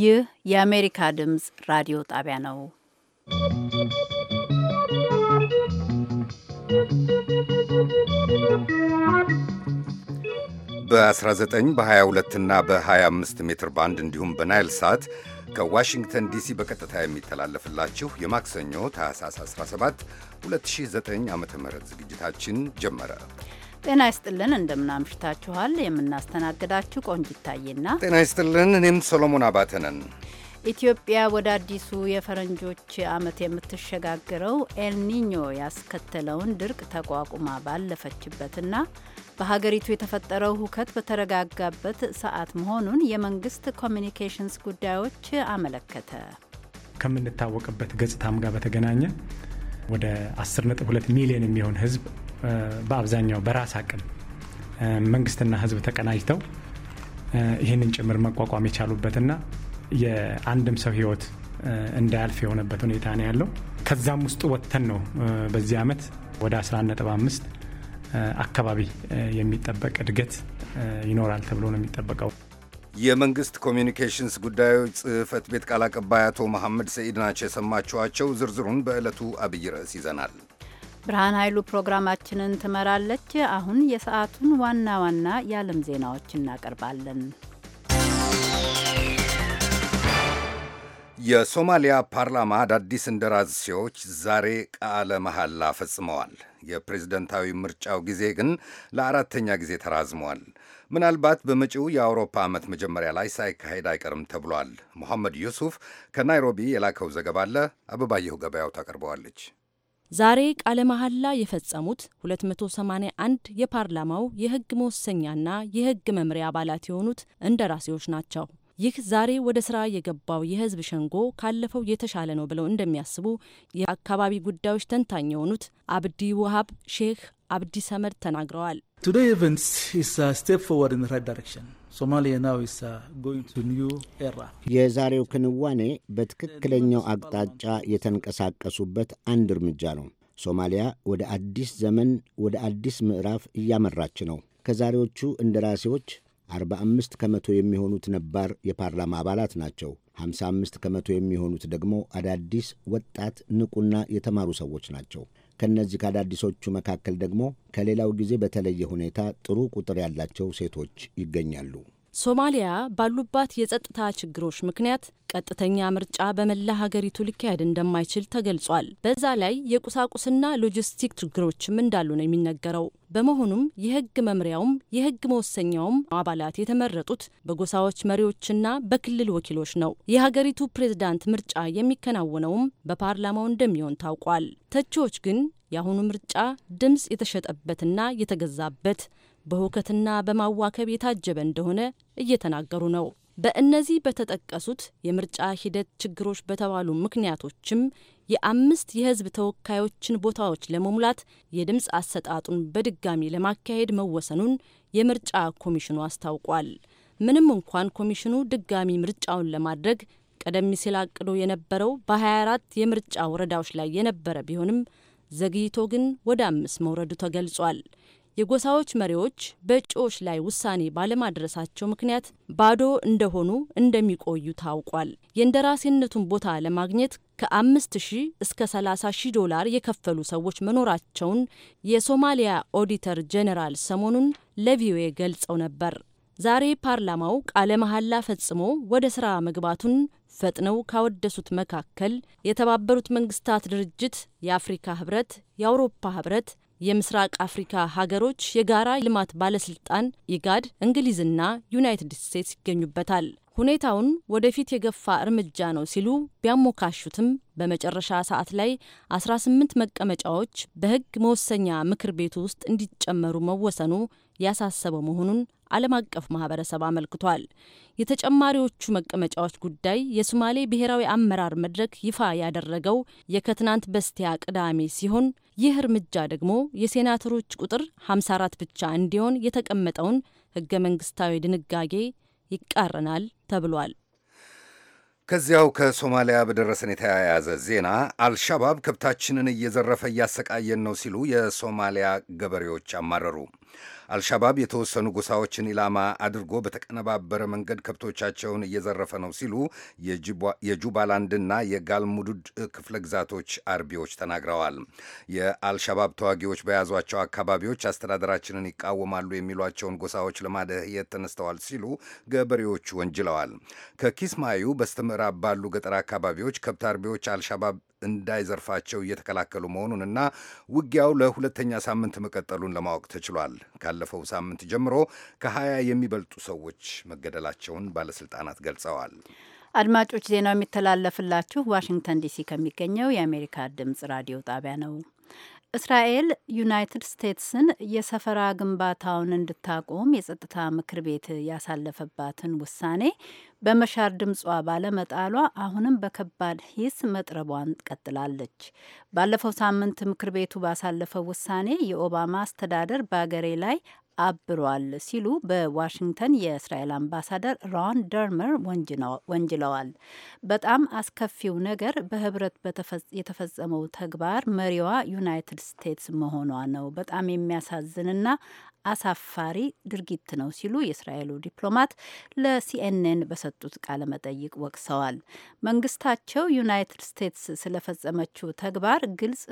ይህ የአሜሪካ ድምፅ ራዲዮ ጣቢያ ነው። በ19 በ22 እና በ25 ሜትር ባንድ እንዲሁም በናይል ሳት ከዋሽንግተን ዲሲ በቀጥታ የሚተላለፍላችሁ የማክሰኞ ታህሳስ 17 2009 ዓ ም ዝግጅታችን ጀመረ። ጤና ይስጥልን እንደምናምሽታችኋል። የምናስተናግዳችሁ ቆንጅ ይታይና፣ ጤና ይስጥልን እኔም ሶሎሞን አባተ ነን። ኢትዮጵያ ወደ አዲሱ የፈረንጆች ዓመት የምትሸጋግረው ኤልኒኞ ያስከተለውን ድርቅ ተቋቁማ ባለፈችበትና በሀገሪቱ የተፈጠረው ሁከት በተረጋጋበት ሰዓት መሆኑን የመንግስት ኮሚኒኬሽንስ ጉዳዮች አመለከተ። ከምንታወቅበት ገጽታም ጋር በተገናኘ ወደ 10.2 ሚሊዮን የሚሆን ህዝብ በአብዛኛው በራስ አቅም መንግስትና ህዝብ ተቀናጅተው ይህንን ጭምር መቋቋም የቻሉበትና የአንድም ሰው ህይወት እንዳያልፍ የሆነበት ሁኔታ ነው ያለው። ከዛም ውስጥ ወጥተን ነው በዚህ ዓመት ወደ 11.5 አካባቢ የሚጠበቅ እድገት ይኖራል ተብሎ ነው የሚጠበቀው። የመንግስት ኮሚኒኬሽንስ ጉዳዮች ጽህፈት ቤት ቃል አቀባይ አቶ መሐመድ ሰኢድ ናቸው የሰማችኋቸው። ዝርዝሩን በዕለቱ አብይ ርዕስ ይዘናል። ብርሃን ኃይሉ ፕሮግራማችንን ትመራለች። አሁን የሰዓቱን ዋና ዋና የዓለም ዜናዎች እናቀርባለን። የሶማሊያ ፓርላማ አዳዲስ እንደራሴዎች ዛሬ ቃለ መሐላ ፈጽመዋል። የፕሬዝደንታዊ ምርጫው ጊዜ ግን ለአራተኛ ጊዜ ተራዝሟል። ምናልባት በመጪው የአውሮፓ ዓመት መጀመሪያ ላይ ሳይካሄድ አይቀርም ተብሏል። መሐመድ ዩሱፍ ከናይሮቢ የላከው ዘገባ አለ። አበባየሁ ገበያው ታቀርበዋለች። ዛሬ ቃለ መሐላ የፈጸሙት 281 የፓርላማው የህግ መወሰኛና የህግ መምሪያ አባላት የሆኑት እንደራሴዎች ናቸው። ይህ ዛሬ ወደ ስራ የገባው የህዝብ ሸንጎ ካለፈው የተሻለ ነው ብለው እንደሚያስቡ የአካባቢ ጉዳዮች ተንታኝ የሆኑት አብዲ ውሃብ ሼህ አብዲ ሰመድ ተናግረዋል። ቱዴይ ኢቨንትስ ኢዝ አ ስቴፕ ፎርዋርድ ኢን ራይት ዳይሬክሽን የዛሬው ክንዋኔ በትክክለኛው አቅጣጫ የተንቀሳቀሱበት አንድ እርምጃ ነው። ሶማሊያ ወደ አዲስ ዘመን፣ ወደ አዲስ ምዕራፍ እያመራች ነው። ከዛሬዎቹ እንደራሴዎች 45 ከመቶ የሚሆኑት ነባር የፓርላማ አባላት ናቸው። 55 ከመቶ የሚሆኑት ደግሞ አዳዲስ ወጣት ንቁና የተማሩ ሰዎች ናቸው። ከእነዚህ ከአዳዲሶቹ መካከል ደግሞ ከሌላው ጊዜ በተለየ ሁኔታ ጥሩ ቁጥር ያላቸው ሴቶች ይገኛሉ። ሶማሊያ ባሉባት የጸጥታ ችግሮች ምክንያት ቀጥተኛ ምርጫ በመላ ሀገሪቱ ሊካሄድ እንደማይችል ተገልጿል። በዛ ላይ የቁሳቁስና ሎጂስቲክ ችግሮችም እንዳሉ ነው የሚነገረው። በመሆኑም የህግ መምሪያውም የህግ መወሰኛውም አባላት የተመረጡት በጎሳዎች መሪዎችና በክልል ወኪሎች ነው። የሀገሪቱ ፕሬዝዳንት ምርጫ የሚከናወነውም በፓርላማው እንደሚሆን ታውቋል። ተቺዎች ግን የአሁኑ ምርጫ ድምፅ የተሸጠበትና የተገዛበት በሁከትና በማዋከብ የታጀበ እንደሆነ እየተናገሩ ነው። በእነዚህ በተጠቀሱት የምርጫ ሂደት ችግሮች በተባሉ ምክንያቶችም የአምስት የህዝብ ተወካዮችን ቦታዎች ለመሙላት የድምፅ አሰጣጡን በድጋሚ ለማካሄድ መወሰኑን የምርጫ ኮሚሽኑ አስታውቋል። ምንም እንኳን ኮሚሽኑ ድጋሚ ምርጫውን ለማድረግ ቀደም ሲል አቅዶ የነበረው በ24 የምርጫ ወረዳዎች ላይ የነበረ ቢሆንም ዘግይቶ ግን ወደ አምስት መውረዱ ተገልጿል። የጎሳዎች መሪዎች በእጩዎች ላይ ውሳኔ ባለማድረሳቸው ምክንያት ባዶ እንደሆኑ እንደሚቆዩ ታውቋል። የእንደራሴነቱን ቦታ ለማግኘት ከአምስት ሺህ እስከ 30 ሺህ ዶላር የከፈሉ ሰዎች መኖራቸውን የሶማሊያ ኦዲተር ጄኔራል ሰሞኑን ለቪኦኤ ገልጸው ነበር። ዛሬ ፓርላማው ቃለ መሐላ ፈጽሞ ወደ ሥራ መግባቱን ፈጥነው ካወደሱት መካከል የተባበሩት መንግስታት ድርጅት፣ የአፍሪካ ህብረት፣ የአውሮፓ ህብረት የምስራቅ አፍሪካ ሀገሮች የጋራ ልማት ባለስልጣን ኢጋድ፣ እንግሊዝና ዩናይትድ ስቴትስ ይገኙበታል። ሁኔታውን ወደፊት የገፋ እርምጃ ነው ሲሉ ቢያሞካሹትም በመጨረሻ ሰዓት ላይ 18 መቀመጫዎች በሕግ መወሰኛ ምክር ቤቱ ውስጥ እንዲጨመሩ መወሰኑ ያሳሰበው መሆኑን ዓለም አቀፍ ማህበረሰብ አመልክቷል። የተጨማሪዎቹ መቀመጫዎች ጉዳይ የሶማሌ ብሔራዊ አመራር መድረክ ይፋ ያደረገው የከትናንት በስቲያ ቅዳሜ ሲሆን ይህ እርምጃ ደግሞ የሴናተሮች ቁጥር 54 ብቻ እንዲሆን የተቀመጠውን ህገ መንግስታዊ ድንጋጌ ይቃረናል ተብሏል። ከዚያው ከሶማሊያ በደረሰን የተያያዘ ዜና አልሻባብ ከብታችንን እየዘረፈ እያሰቃየን ነው ሲሉ የሶማሊያ ገበሬዎች አማረሩ። አልሻባብ የተወሰኑ ጎሳዎችን ኢላማ አድርጎ በተቀነባበረ መንገድ ከብቶቻቸውን እየዘረፈ ነው ሲሉ የጁባላንድና የጋልሙዱድ ክፍለ ግዛቶች አርቢዎች ተናግረዋል። የአልሻባብ ተዋጊዎች በያዟቸው አካባቢዎች አስተዳደራችንን ይቃወማሉ የሚሏቸውን ጎሳዎች ለማደህየት ተነስተዋል ሲሉ ገበሬዎቹ ወንጅለዋል። ከኪስማዩ በስተምዕራብ ባሉ ገጠር አካባቢዎች ከብት አርቢዎች አልሻባብ እንዳይዘርፋቸው እየተከላከሉ መሆኑንና ውጊያው ለሁለተኛ ሳምንት መቀጠሉን ለማወቅ ተችሏል። ካለፈው ሳምንት ጀምሮ ከሀያ የሚበልጡ ሰዎች መገደላቸውን ባለስልጣናት ገልጸዋል። አድማጮች ዜናው የሚተላለፍላችሁ ዋሽንግተን ዲሲ ከሚገኘው የአሜሪካ ድምጽ ራዲዮ ጣቢያ ነው። እስራኤል ዩናይትድ ስቴትስን የሰፈራ ግንባታውን እንድታቆም የጸጥታ ምክር ቤት ያሳለፈባትን ውሳኔ በመሻር ድምጿ ባለመጣሏ አሁንም በከባድ ሂስ መጥረቧን ቀጥላለች። ባለፈው ሳምንት ምክር ቤቱ ባሳለፈው ውሳኔ የኦባማ አስተዳደር በአገሬ ላይ አብሯል ሲሉ በዋሽንግተን የእስራኤል አምባሳደር ሮን ደርመር ወንጅለዋል። በጣም አስከፊው ነገር በህብረት የተፈጸመው ተግባር መሪዋ ዩናይትድ ስቴትስ መሆኗ ነው። በጣም የሚያሳዝንና አሳፋሪ ድርጊት ነው ሲሉ የእስራኤሉ ዲፕሎማት ለሲኤንኤን በሰጡት ቃለ መጠይቅ ወቅሰዋል። መንግስታቸው ዩናይትድ ስቴትስ ስለፈጸመችው ተግባር ግልጽ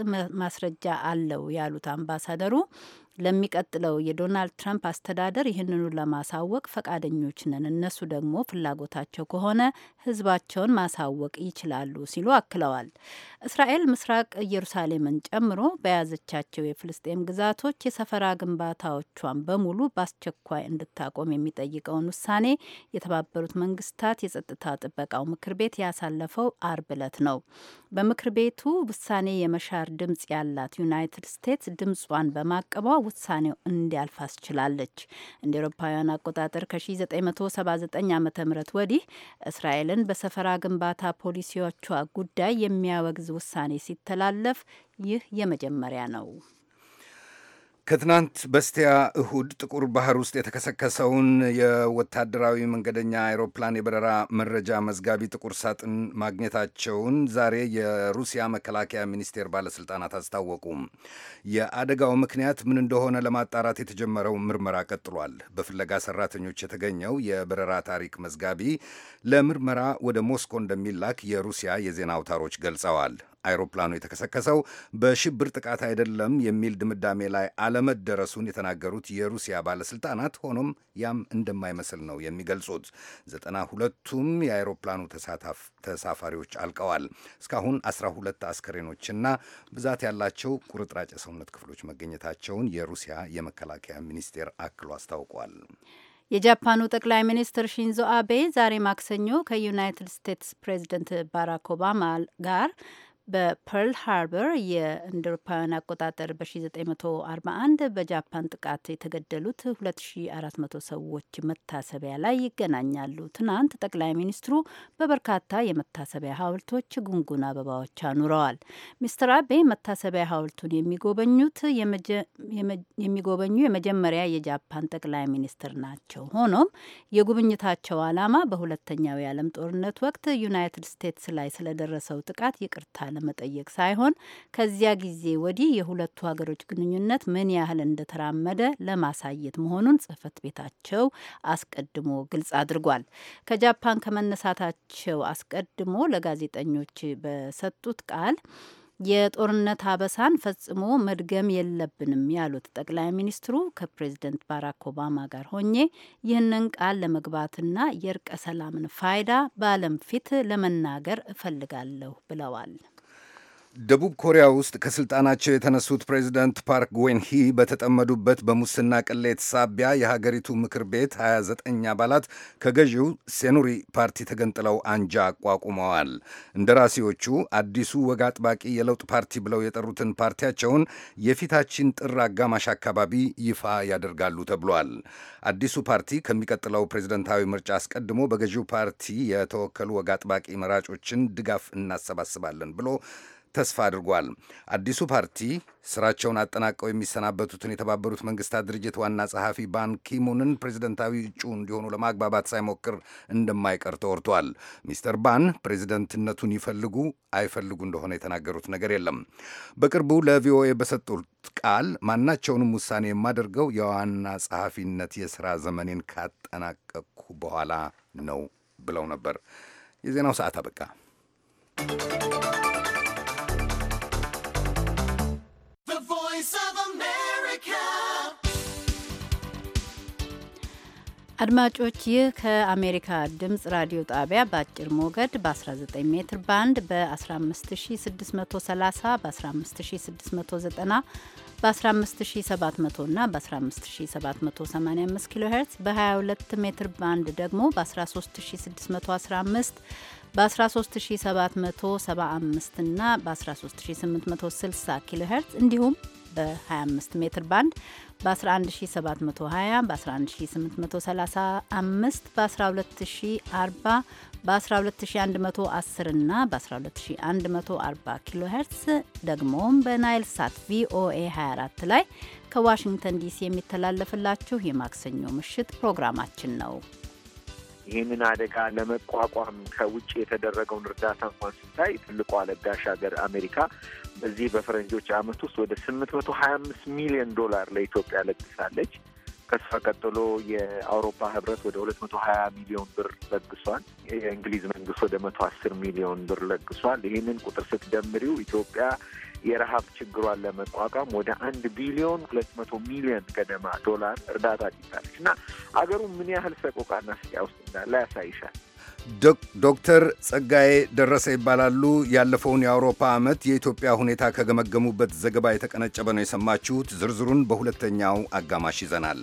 ማስረጃ አለው ያሉት አምባሳደሩ ለሚቀጥለው የዶናልድ ትራምፕ አስተዳደር ይህንኑ ለማሳወቅ ፈቃደኞች ነን፣ እነሱ ደግሞ ፍላጎታቸው ከሆነ ህዝባቸውን ማሳወቅ ይችላሉ ሲሉ አክለዋል። እስራኤል ምስራቅ ኢየሩሳሌምን ጨምሮ በያዘቻቸው የፍልስጤም ግዛቶች የሰፈራ ግንባታዎቿን በሙሉ በአስቸኳይ እንድታቆም የሚጠይቀውን ውሳኔ የተባበሩት መንግስታት የጸጥታ ጥበቃው ምክር ቤት ያሳለፈው አርብ ዕለት ነው። በምክር ቤቱ ውሳኔ የመሻር ድምጽ ያላት ዩናይትድ ስቴትስ ድምጿን በማቀቧ ውሳኔው እንዲያልፍ አስችላለች። እንደ ኤሮፓውያን አቆጣጠር ከ1979 ዓ ም ወዲህ እስራኤልን በሰፈራ ግንባታ ፖሊሲዎቿ ጉዳይ የሚያወግዝ ውሳኔ ሲተላለፍ ይህ የመጀመሪያ ነው። ከትናንት በስቲያ እሁድ ጥቁር ባህር ውስጥ የተከሰከሰውን የወታደራዊ መንገደኛ አውሮፕላን የበረራ መረጃ መዝጋቢ ጥቁር ሳጥን ማግኘታቸውን ዛሬ የሩሲያ መከላከያ ሚኒስቴር ባለስልጣናት አስታወቁ። የአደጋው ምክንያት ምን እንደሆነ ለማጣራት የተጀመረው ምርመራ ቀጥሏል። በፍለጋ ሰራተኞች የተገኘው የበረራ ታሪክ መዝጋቢ ለምርመራ ወደ ሞስኮ እንደሚላክ የሩሲያ የዜና አውታሮች ገልጸዋል። አይሮፕላኑ የተከሰከሰው በሽብር ጥቃት አይደለም የሚል ድምዳሜ ላይ አለመደረሱን የተናገሩት የሩሲያ ባለስልጣናት፣ ሆኖም ያም እንደማይመስል ነው የሚገልጹት። ዘጠና ሁለቱም የአይሮፕላኑ ተሳፋሪዎች አልቀዋል። እስካሁን አስራ ሁለት አስከሬኖችና ብዛት ያላቸው ቁርጥራጭ የሰውነት ክፍሎች መገኘታቸውን የሩሲያ የመከላከያ ሚኒስቴር አክሎ አስታውቋል። የጃፓኑ ጠቅላይ ሚኒስትር ሺንዞ አቤ ዛሬ ማክሰኞ ከዩናይትድ ስቴትስ ፕሬዚደንት ባራክ ኦባማ ጋር በፐርል ሃርበር እንደ አውሮፓውያን አቆጣጠር በ1941 በጃፓን ጥቃት የተገደሉት 2400 ሰዎች መታሰቢያ ላይ ይገናኛሉ። ትናንት ጠቅላይ ሚኒስትሩ በበርካታ የመታሰቢያ ሐውልቶች ጉንጉን አበባዎች አኑረዋል። ሚስትር አቤ መታሰቢያ ሐውልቱን የሚጎበኙት የሚጎበኙ የመጀመሪያ የጃፓን ጠቅላይ ሚኒስትር ናቸው። ሆኖም የጉብኝታቸው ዓላማ በሁለተኛው የዓለም ጦርነት ወቅት ዩናይትድ ስቴትስ ላይ ስለደረሰው ጥቃት ይቅርታ ለመጠየቅ ሳይሆን ከዚያ ጊዜ ወዲህ የሁለቱ ሀገሮች ግንኙነት ምን ያህል እንደተራመደ ለማሳየት መሆኑን ጽህፈት ቤታቸው አስቀድሞ ግልጽ አድርጓል። ከጃፓን ከመነሳታቸው አስቀድሞ ለጋዜጠኞች በሰጡት ቃል የጦርነት አበሳን ፈጽሞ መድገም የለብንም ያሉት ጠቅላይ ሚኒስትሩ ከፕሬዝደንት ባራክ ኦባማ ጋር ሆኜ ይህንን ቃል ለመግባትና የእርቀ ሰላምን ፋይዳ በዓለም ፊት ለመናገር እፈልጋለሁ ብለዋል። ደቡብ ኮሪያ ውስጥ ከስልጣናቸው የተነሱት ፕሬዚደንት ፓርክ ጎንሂ በተጠመዱበት በሙስና ቅሌት ሳቢያ የሀገሪቱ ምክር ቤት 29 አባላት ከገዢው ሴኑሪ ፓርቲ ተገንጥለው አንጃ አቋቁመዋል። እንደራሴዎቹ አዲሱ ወግ አጥባቂ የለውጥ ፓርቲ ብለው የጠሩትን ፓርቲያቸውን የፊታችን ጥር አጋማሽ አካባቢ ይፋ ያደርጋሉ ተብሏል። አዲሱ ፓርቲ ከሚቀጥለው ፕሬዚደንታዊ ምርጫ አስቀድሞ በገዢው ፓርቲ የተወከሉ ወግ አጥባቂ መራጮችን ድጋፍ እናሰባስባለን ብሎ ተስፋ አድርጓል። አዲሱ ፓርቲ ስራቸውን አጠናቀው የሚሰናበቱትን የተባበሩት መንግስታት ድርጅት ዋና ጸሐፊ ባንኪሙንን ፕሬዚደንታዊ እጩ እንዲሆኑ ለማግባባት ሳይሞክር እንደማይቀር ተወርቷል። ሚስተር ባን ፕሬዚደንትነቱን ይፈልጉ አይፈልጉ እንደሆነ የተናገሩት ነገር የለም። በቅርቡ ለቪኦኤ በሰጡት ቃል ማናቸውንም ውሳኔ የማደርገው የዋና ጸሐፊነት የሥራ ዘመኔን ካጠናቀቅኩ በኋላ ነው ብለው ነበር። የዜናው ሰዓት አበቃ። አድማጮች ይህ ከአሜሪካ ድምፅ ራዲዮ ጣቢያ በአጭር ሞገድ በ19 ሜትር ባንድ በ15630 በ15690 በ15700 እና በ15785 ኪሎ ሄርትስ በ22 ሜትር ባንድ ደግሞ በ13615 በ13775 እና በ13860 ኪሎ ሄርትስ እንዲሁም በ25 ሜትር ባንድ በ11720 በ11835 በ12040 በ12110 እና በ12140 ኪሎ ሄርትስ ደግሞም በናይል ሳት ቪኦኤ 24 ላይ ከዋሽንግተን ዲሲ የሚተላለፍላችሁ የማክሰኞ ምሽት ፕሮግራማችን ነው። ይህንን አደጋ ለመቋቋም ከውጭ የተደረገውን እርዳታ እንኳን ስታይ ትልቋ ለጋሽ ሀገር አሜሪካ በዚህ በፈረንጆች ዓመት ውስጥ ወደ ስምንት መቶ ሀያ አምስት ሚሊዮን ዶላር ለኢትዮጵያ ለግሳለች። ከሷ ቀጥሎ የአውሮፓ ህብረት ወደ ሁለት መቶ ሀያ ሚሊዮን ብር ለግሷል። የእንግሊዝ መንግስት ወደ መቶ አስር ሚሊዮን ብር ለግሷል። ይህንን ቁጥር ስትደምሪው ኢትዮጵያ የረሀብ ችግሯን ለመቋቋም ወደ አንድ ቢሊዮን ሁለት መቶ ሚሊዮን ገደማ ዶላር እርዳታ አግኝታለች እና አገሩ ምን ያህል ሰቆቃና ስቃይ ውስጥ እንዳለ ያሳይሻል። ዶክተር ጸጋዬ ደረሰ ይባላሉ። ያለፈውን የአውሮፓ ዓመት የኢትዮጵያ ሁኔታ ከገመገሙበት ዘገባ የተቀነጨበ ነው የሰማችሁት። ዝርዝሩን በሁለተኛው አጋማሽ ይዘናል።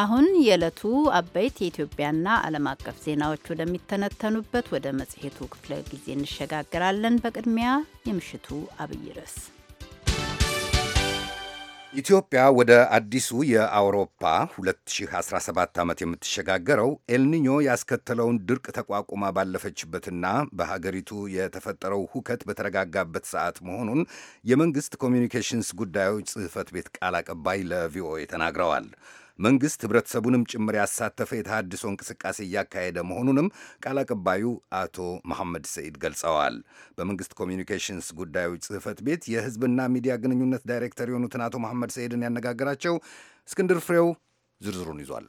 አሁን የዕለቱ አበይት የኢትዮጵያና ዓለም አቀፍ ዜናዎች ወደሚተነተኑበት ወደ መጽሔቱ ክፍለ ጊዜ እንሸጋግራለን። በቅድሚያ የምሽቱ አብይ ርዕስ ኢትዮጵያ ወደ አዲሱ የአውሮፓ 2017 ዓመት የምትሸጋገረው ኤልኒኞ ያስከተለውን ድርቅ ተቋቁማ ባለፈችበትና በሀገሪቱ የተፈጠረው ሁከት በተረጋጋበት ሰዓት መሆኑን የመንግሥት ኮሚኒኬሽንስ ጉዳዮች ጽሕፈት ቤት ቃል አቀባይ ለቪኦኤ ተናግረዋል። መንግስት ህብረተሰቡንም ጭምር ያሳተፈ የተሃድሶ እንቅስቃሴ እያካሄደ መሆኑንም ቃል አቀባዩ አቶ መሐመድ ሰኢድ ገልጸዋል። በመንግስት ኮሚኒኬሽንስ ጉዳዮች ጽህፈት ቤት የህዝብና ሚዲያ ግንኙነት ዳይሬክተር የሆኑትን አቶ መሐመድ ሰኢድን ያነጋገራቸው እስክንድር ፍሬው ዝርዝሩን ይዟል።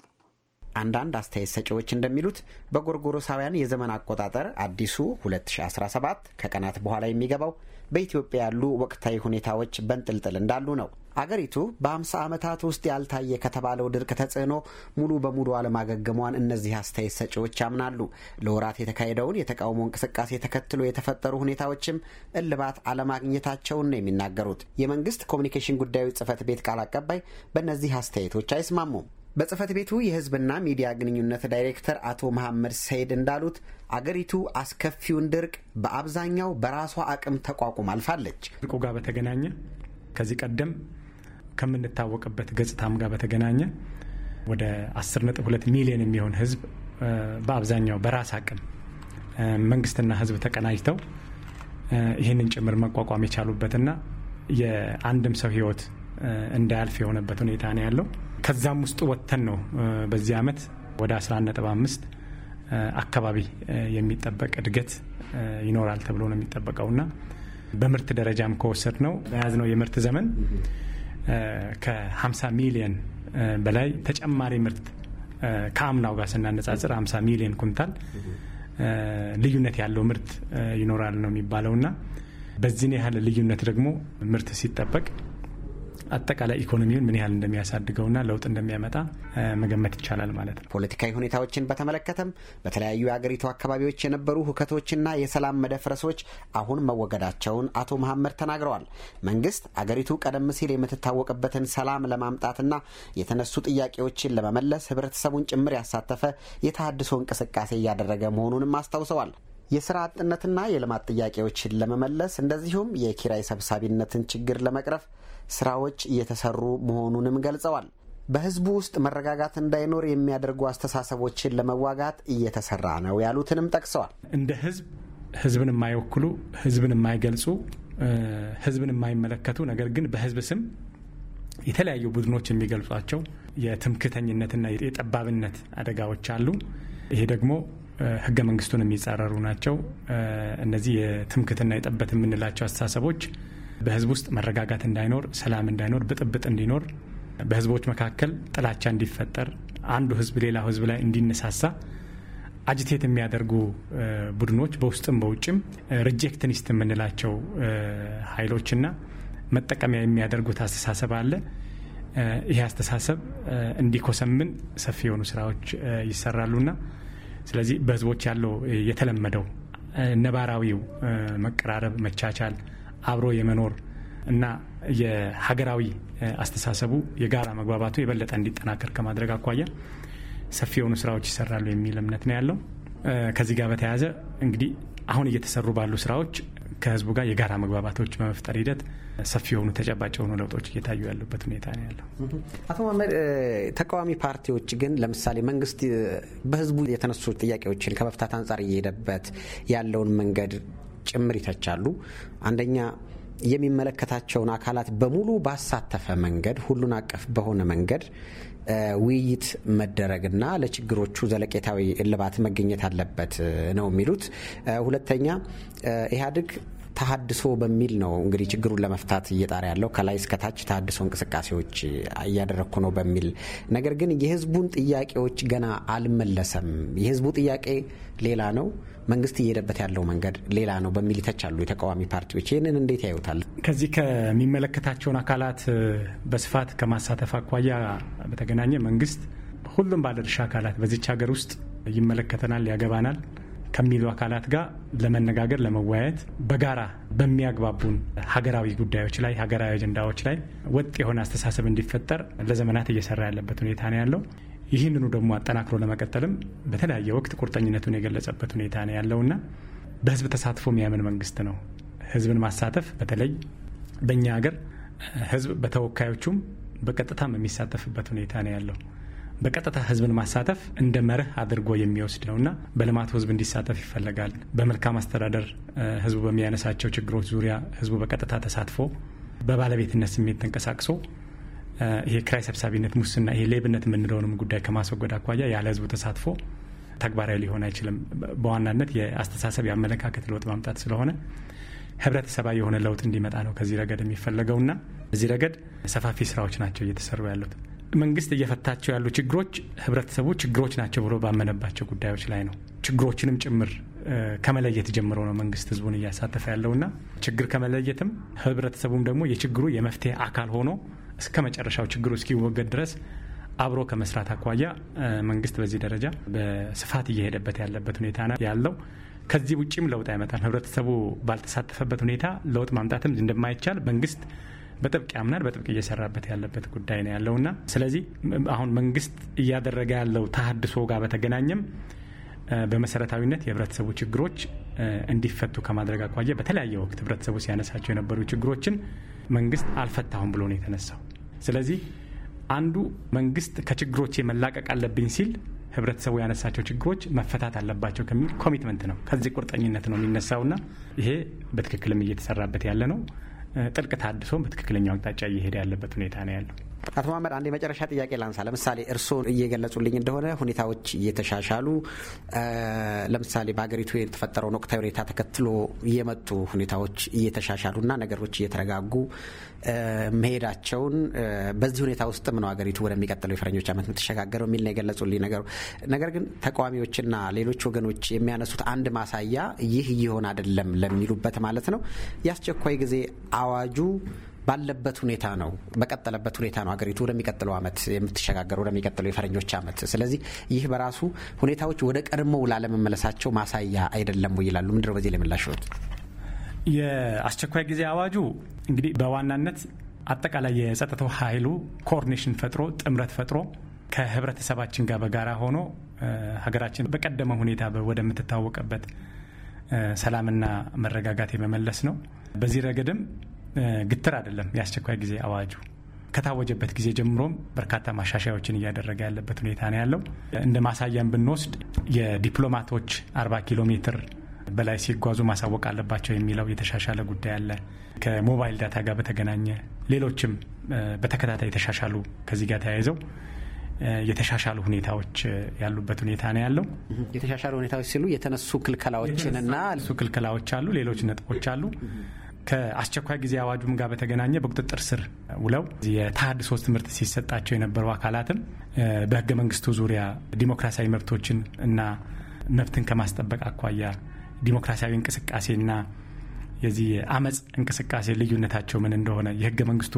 አንዳንድ አስተያየት ሰጪዎች እንደሚሉት በጎርጎሮሳውያን የዘመን አቆጣጠር አዲሱ 2017 ከቀናት በኋላ የሚገባው በኢትዮጵያ ያሉ ወቅታዊ ሁኔታዎች በንጥልጥል እንዳሉ ነው። አገሪቱ በ50 ዓመታት ውስጥ ያልታየ ከተባለው ድርቅ ተጽዕኖ ሙሉ በሙሉ አለማገገሟን እነዚህ አስተያየት ሰጪዎች ያምናሉ። ለወራት የተካሄደውን የተቃውሞ እንቅስቃሴ ተከትሎ የተፈጠሩ ሁኔታዎችም እልባት አለማግኘታቸውን ነው የሚናገሩት። የመንግስት ኮሚኒኬሽን ጉዳዮች ጽህፈት ቤት ቃል አቀባይ በእነዚህ አስተያየቶች አይስማሙም። በጽህፈት ቤቱ የህዝብና ሚዲያ ግንኙነት ዳይሬክተር አቶ መሐመድ ሰይድ እንዳሉት አገሪቱ አስከፊውን ድርቅ በአብዛኛው በራሷ አቅም ተቋቁም አልፋለች። ድርቁ ጋር በተገናኘ ከዚህ ቀደም ከምንታወቅበት ገጽታም ጋር በተገናኘ ወደ 10.2 ሚሊዮን የሚሆን ህዝብ በአብዛኛው በራስ አቅም መንግስትና ህዝብ ተቀናጅተው ይህንን ጭምር መቋቋም የቻሉበትና የአንድም ሰው ህይወት እንዳያልፍ የሆነበት ሁኔታ ነው ያለው። ከዛም ውስጥ ወጥተን ነው በዚህ ዓመት ወደ 11.5 አካባቢ የሚጠበቅ እድገት ይኖራል ተብሎ ነው የሚጠበቀውና በምርት ደረጃም ከወሰድ ነው ነው የምርት ዘመን ከ50 ሚሊዮን በላይ ተጨማሪ ምርት ከአምናው ጋር ስናነጻጽር 50 ሚሊዮን ኩንታል ልዩነት ያለው ምርት ይኖራል ነው የሚባለውና በዚህን ያህል ልዩነት ደግሞ ምርት ሲጠበቅ አጠቃላይ ኢኮኖሚውን ምን ያህል እንደሚያሳድገውና ለውጥ እንደሚያመጣ መገመት ይቻላል ማለት ነው። ፖለቲካዊ ሁኔታዎችን በተመለከተም በተለያዩ የአገሪቱ አካባቢዎች የነበሩ ሁከቶችና የሰላም መደፍረሶች አሁን መወገዳቸውን አቶ መሐመድ ተናግረዋል። መንግስት አገሪቱ ቀደም ሲል የምትታወቅበትን ሰላም ለማምጣትና የተነሱ ጥያቄዎችን ለመመለስ ህብረተሰቡን ጭምር ያሳተፈ የተሃድሶ እንቅስቃሴ እያደረገ መሆኑንም አስታውሰዋል። የስራ አጥነትና የልማት ጥያቄዎችን ለመመለስ እንደዚሁም የኪራይ ሰብሳቢነትን ችግር ለመቅረፍ ስራዎች እየተሰሩ መሆኑንም ገልጸዋል። በህዝቡ ውስጥ መረጋጋት እንዳይኖር የሚያደርጉ አስተሳሰቦችን ለመዋጋት እየተሰራ ነው ያሉትንም ጠቅሰዋል። እንደ ህዝብ ህዝብን የማይወክሉ ህዝብን የማይገልጹ ህዝብን የማይመለከቱ ነገር ግን በህዝብ ስም የተለያዩ ቡድኖች የሚገልጿቸው የትምክተኝነትና የጠባብነት አደጋዎች አሉ። ይሄ ደግሞ ህገ መንግስቱን የሚጻረሩ ናቸው። እነዚህ የትምክትና የጠበት የምንላቸው አስተሳሰቦች በህዝብ ውስጥ መረጋጋት እንዳይኖር፣ ሰላም እንዳይኖር፣ ብጥብጥ እንዲኖር፣ በህዝቦች መካከል ጥላቻ እንዲፈጠር፣ አንዱ ህዝብ ሌላው ህዝብ ላይ እንዲነሳሳ አጅቴት የሚያደርጉ ቡድኖች በውስጥም በውጭም ሪጀክትኒስት የምንላቸው ኃይሎችና መጠቀሚያ የሚያደርጉት አስተሳሰብ አለ። ይሄ አስተሳሰብ እንዲኮሰምን ሰፊ የሆኑ ስራዎች ይሰራሉና ስለዚህ በህዝቦች ያለው የተለመደው ነባራዊው መቀራረብ፣ መቻቻል አብሮ የመኖር እና የሀገራዊ አስተሳሰቡ የጋራ መግባባቱ የበለጠ እንዲጠናከር ከማድረግ አኳያ ሰፊ የሆኑ ስራዎች ይሰራሉ የሚል እምነት ነው ያለው። ከዚህ ጋር በተያያዘ እንግዲህ አሁን እየተሰሩ ባሉ ስራዎች ከህዝቡ ጋር የጋራ መግባባቶች በመፍጠር ሂደት ሰፊ የሆኑ ተጨባጭ የሆኑ ለውጦች እየታዩ ያሉበት ሁኔታ ነው ያለው። አቶ መሀመድ፣ ተቃዋሚ ፓርቲዎች ግን ለምሳሌ መንግስት በህዝቡ የተነሱ ጥያቄዎችን ከመፍታት አንጻር እየሄደበት ያለውን መንገድ ጭምር ይተቻሉ። አንደኛ የሚመለከታቸውን አካላት በሙሉ ባሳተፈ መንገድ፣ ሁሉን አቀፍ በሆነ መንገድ ውይይት መደረግና ለችግሮቹ ዘለቄታዊ እልባት መገኘት አለበት ነው የሚሉት። ሁለተኛ ኢህአዴግ ተሀድሶ በሚል ነው እንግዲህ ችግሩን ለመፍታት እየጣረ ያለው ከላይ እስከታች ተሀድሶ እንቅስቃሴዎች እያደረግኩ ነው በሚል ነገር ግን የህዝቡን ጥያቄዎች ገና አልመለሰም፣ የህዝቡ ጥያቄ ሌላ ነው፣ መንግስት እየሄደበት ያለው መንገድ ሌላ ነው በሚል ይተቻሉ የተቃዋሚ ፓርቲዎች። ይህንን እንዴት ያዩታል? ከዚህ ከሚመለከታቸውን አካላት በስፋት ከማሳተፍ አኳያ በተገናኘ መንግስት ሁሉም ባለድርሻ አካላት በዚች ሀገር ውስጥ ይመለከተናል፣ ያገባናል ከሚሉ አካላት ጋር ለመነጋገር ለመወያየት በጋራ በሚያግባቡን ሀገራዊ ጉዳዮች ላይ ሀገራዊ አጀንዳዎች ላይ ወጥ የሆነ አስተሳሰብ እንዲፈጠር ለዘመናት እየሰራ ያለበት ሁኔታ ነው ያለው። ይህንኑ ደግሞ አጠናክሮ ለመቀጠልም በተለያየ ወቅት ቁርጠኝነቱን የገለጸበት ሁኔታ ነው ያለውና በህዝብ ተሳትፎ የሚያምን መንግስት ነው። ህዝብን ማሳተፍ በተለይ በእኛ ሀገር ህዝብ በተወካዮቹም በቀጥታም የሚሳተፍበት ሁኔታ ነው ያለው። በቀጥታ ህዝብን ማሳተፍ እንደ መርህ አድርጎ የሚወስድ ነውና በልማቱ ህዝብ እንዲሳተፍ ይፈለጋል። በመልካም አስተዳደር ህዝቡ በሚያነሳቸው ችግሮች ዙሪያ ህዝቡ በቀጥታ ተሳትፎ በባለቤትነት ስሜት ተንቀሳቅሶ ይሄ ክራይ ሰብሳቢነት፣ ሙስና፣ ይሄ ሌብነት የምንለውንም ጉዳይ ከማስወገድ አኳያ ያለ ህዝቡ ተሳትፎ ተግባራዊ ሊሆን አይችልም። በዋናነት የአስተሳሰብ የአመለካከት ለውጥ ማምጣት ስለሆነ ህብረተሰባዊ የሆነ ለውጥ እንዲመጣ ነው ከዚህ ረገድ የሚፈለገውና በዚህ ረገድ ሰፋፊ ስራዎች ናቸው እየተሰሩ ያሉት። መንግስት እየፈታቸው ያሉ ችግሮች ህብረተሰቡ ችግሮች ናቸው ብሎ ባመነባቸው ጉዳዮች ላይ ነው። ችግሮችንም ጭምር ከመለየት ጀምሮ ነው መንግስት ህዝቡን እያሳተፈ ያለውና ችግር ከመለየትም ህብረተሰቡም ደግሞ የችግሩ የመፍትሄ አካል ሆኖ እስከ መጨረሻው ችግሩ እስኪወገድ ድረስ አብሮ ከመስራት አኳያ መንግስት በዚህ ደረጃ በስፋት እየሄደበት ያለበት ሁኔታ ያለው። ከዚህ ውጭም ለውጥ አይመጣም። ህብረተሰቡ ባልተሳተፈበት ሁኔታ ለውጥ ማምጣትም እንደማይቻል መንግስት በጥብቅ ያምናል፣ በጥብቅ እየሰራበት ያለበት ጉዳይ ነው ያለውና ስለዚህ አሁን መንግስት እያደረገ ያለው ተሀድሶ ጋር በተገናኘም በመሰረታዊነት የህብረተሰቡ ችግሮች እንዲፈቱ ከማድረግ አኳያ በተለያየ ወቅት ህብረተሰቡ ሲያነሳቸው የነበሩ ችግሮችን መንግስት አልፈታሁም ብሎ ነው የተነሳው። ስለዚህ አንዱ መንግስት ከችግሮቼ መላቀቅ አለብኝ ሲል ህብረተሰቡ ያነሳቸው ችግሮች መፈታት አለባቸው ከሚል ኮሚትመንት ነው ከዚህ ቁርጠኝነት ነው የሚነሳውና ይሄ በትክክልም እየተሰራበት ያለ ነው። ጥልቅ ታድሶ በትክክለኛው አቅጣጫ እየሄደ ያለበት ሁኔታ ነው ያለው። አቶ መሀመድ አንድ የመጨረሻ ጥያቄ ላንሳ። ለምሳሌ እርስዎ እየገለጹልኝ እንደሆነ ሁኔታዎች እየተሻሻሉ ለምሳሌ በሀገሪቱ የተፈጠረውን ወቅታዊ ሁኔታ ተከትሎ እየመጡ ሁኔታዎች እየተሻሻሉና ነገሮች እየተረጋጉ መሄዳቸውን በዚህ ሁኔታ ውስጥም ነው ሀገሪቱ ወደሚቀጥለው የፈረኞች ዓመት የምትሸጋገረው የሚል ነው የገለጹልኝ ነገሩ። ነገር ግን ተቃዋሚዎችና ሌሎች ወገኖች የሚያነሱት አንድ ማሳያ ይህ እየሆን አይደለም ለሚሉበት ማለት ነው የአስቸኳይ ጊዜ አዋጁ ባለበት ሁኔታ ነው በቀጠለበት ሁኔታ ነው ሀገሪቱ ወደሚቀጥለው ዓመት የምትሸጋገር ወደሚቀጥለው የፈረኞች ዓመት። ስለዚህ ይህ በራሱ ሁኔታዎች ወደ ቀድሞው ላለመመለሳቸው ማሳያ አይደለም ይላሉ። ምንድነው በዚህ ላይ ምላሽ የአስቸኳይ ጊዜ አዋጁ እንግዲህ በዋናነት አጠቃላይ የጸጥታው ኃይሉ ኮኦርዲኔሽን ፈጥሮ ጥምረት ፈጥሮ ከህብረተሰባችን ጋር በጋራ ሆኖ ሀገራችን በቀደመ ሁኔታ ወደምትታወቅበት ሰላምና መረጋጋት የመመለስ ነው። በዚህ ረገድም ግትር አይደለም። የአስቸኳይ ጊዜ አዋጁ ከታወጀበት ጊዜ ጀምሮም በርካታ ማሻሻያዎችን እያደረገ ያለበት ሁኔታ ነው ያለው። እንደ ማሳያም ብንወስድ የዲፕሎማቶች 40 ኪሎ ሜትር በላይ ሲጓዙ ማሳወቅ አለባቸው የሚለው የተሻሻለ ጉዳይ አለ። ከሞባይል ዳታ ጋር በተገናኘ ሌሎችም በተከታታይ የተሻሻሉ ከዚህ ጋር ተያይዘው የተሻሻሉ ሁኔታዎች ያሉበት ሁኔታ ነው ያለው። የተሻሻሉ ሁኔታዎች ሲሉ የተነሱ ክልከላዎችንና የተነሱ ክልከላዎች አሉ፣ ሌሎች ነጥቦች አሉ። ከአስቸኳይ ጊዜ አዋጁም ጋር በተገናኘ በቁጥጥር ስር ውለው የተሃድሶ ትምህርት ሲሰጣቸው የነበሩ አካላትም በህገ መንግስቱ ዙሪያ ዲሞክራሲያዊ መብቶችን እና መብትን ከማስጠበቅ አኳያ ዲሞክራሲያዊ እንቅስቃሴና የዚህ የአመፅ እንቅስቃሴ ልዩነታቸው ምን እንደሆነ የህገ መንግስቱ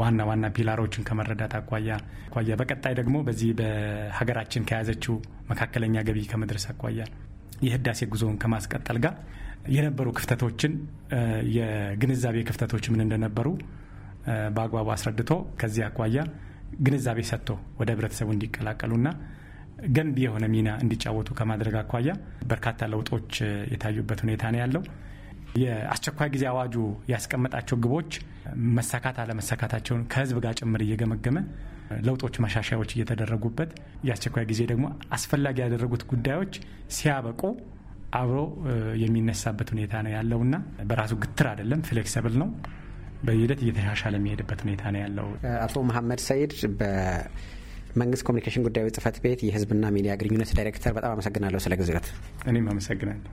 ዋና ዋና ፒላሮችን ከመረዳት አኳያ አኳያ በቀጣይ ደግሞ በዚህ በሀገራችን ከያዘችው መካከለኛ ገቢ ከመድረስ አኳያ የህዳሴ ጉዞውን ከማስቀጠል ጋር የነበሩ ክፍተቶችን የግንዛቤ ክፍተቶች ምን እንደነበሩ በአግባቡ አስረድቶ ከዚህ አኳያ ግንዛቤ ሰጥቶ ወደ ህብረተሰቡ እንዲቀላቀሉና ገንቢ የሆነ ሚና እንዲጫወቱ ከማድረግ አኳያ በርካታ ለውጦች የታዩበት ሁኔታ ነው ያለው። የአስቸኳይ ጊዜ አዋጁ ያስቀመጣቸው ግቦች መሳካት አለመሳካታቸውን ከህዝብ ጋር ጭምር እየገመገመ ለውጦች፣ መሻሻያዎች እየተደረጉበት የአስቸኳይ ጊዜ ደግሞ አስፈላጊ ያደረጉት ጉዳዮች ሲያበቁ አብሮ የሚነሳበት ሁኔታ ነው ያለውና በራሱ ግትር አይደለም፣ ፍሌክሰብል ነው። በሂደት እየተሻሻለ የሚሄድበት ሁኔታ ነው ያለው። አቶ መሀመድ ሰይድ መንግስት ኮሚኒኬሽን ጉዳዮች ጽህፈት ቤት የህዝብና ሚዲያ ግንኙነት ዳይሬክተር፣ በጣም አመሰግናለሁ ስለ ጊዜዎት። እኔም አመሰግናለሁ።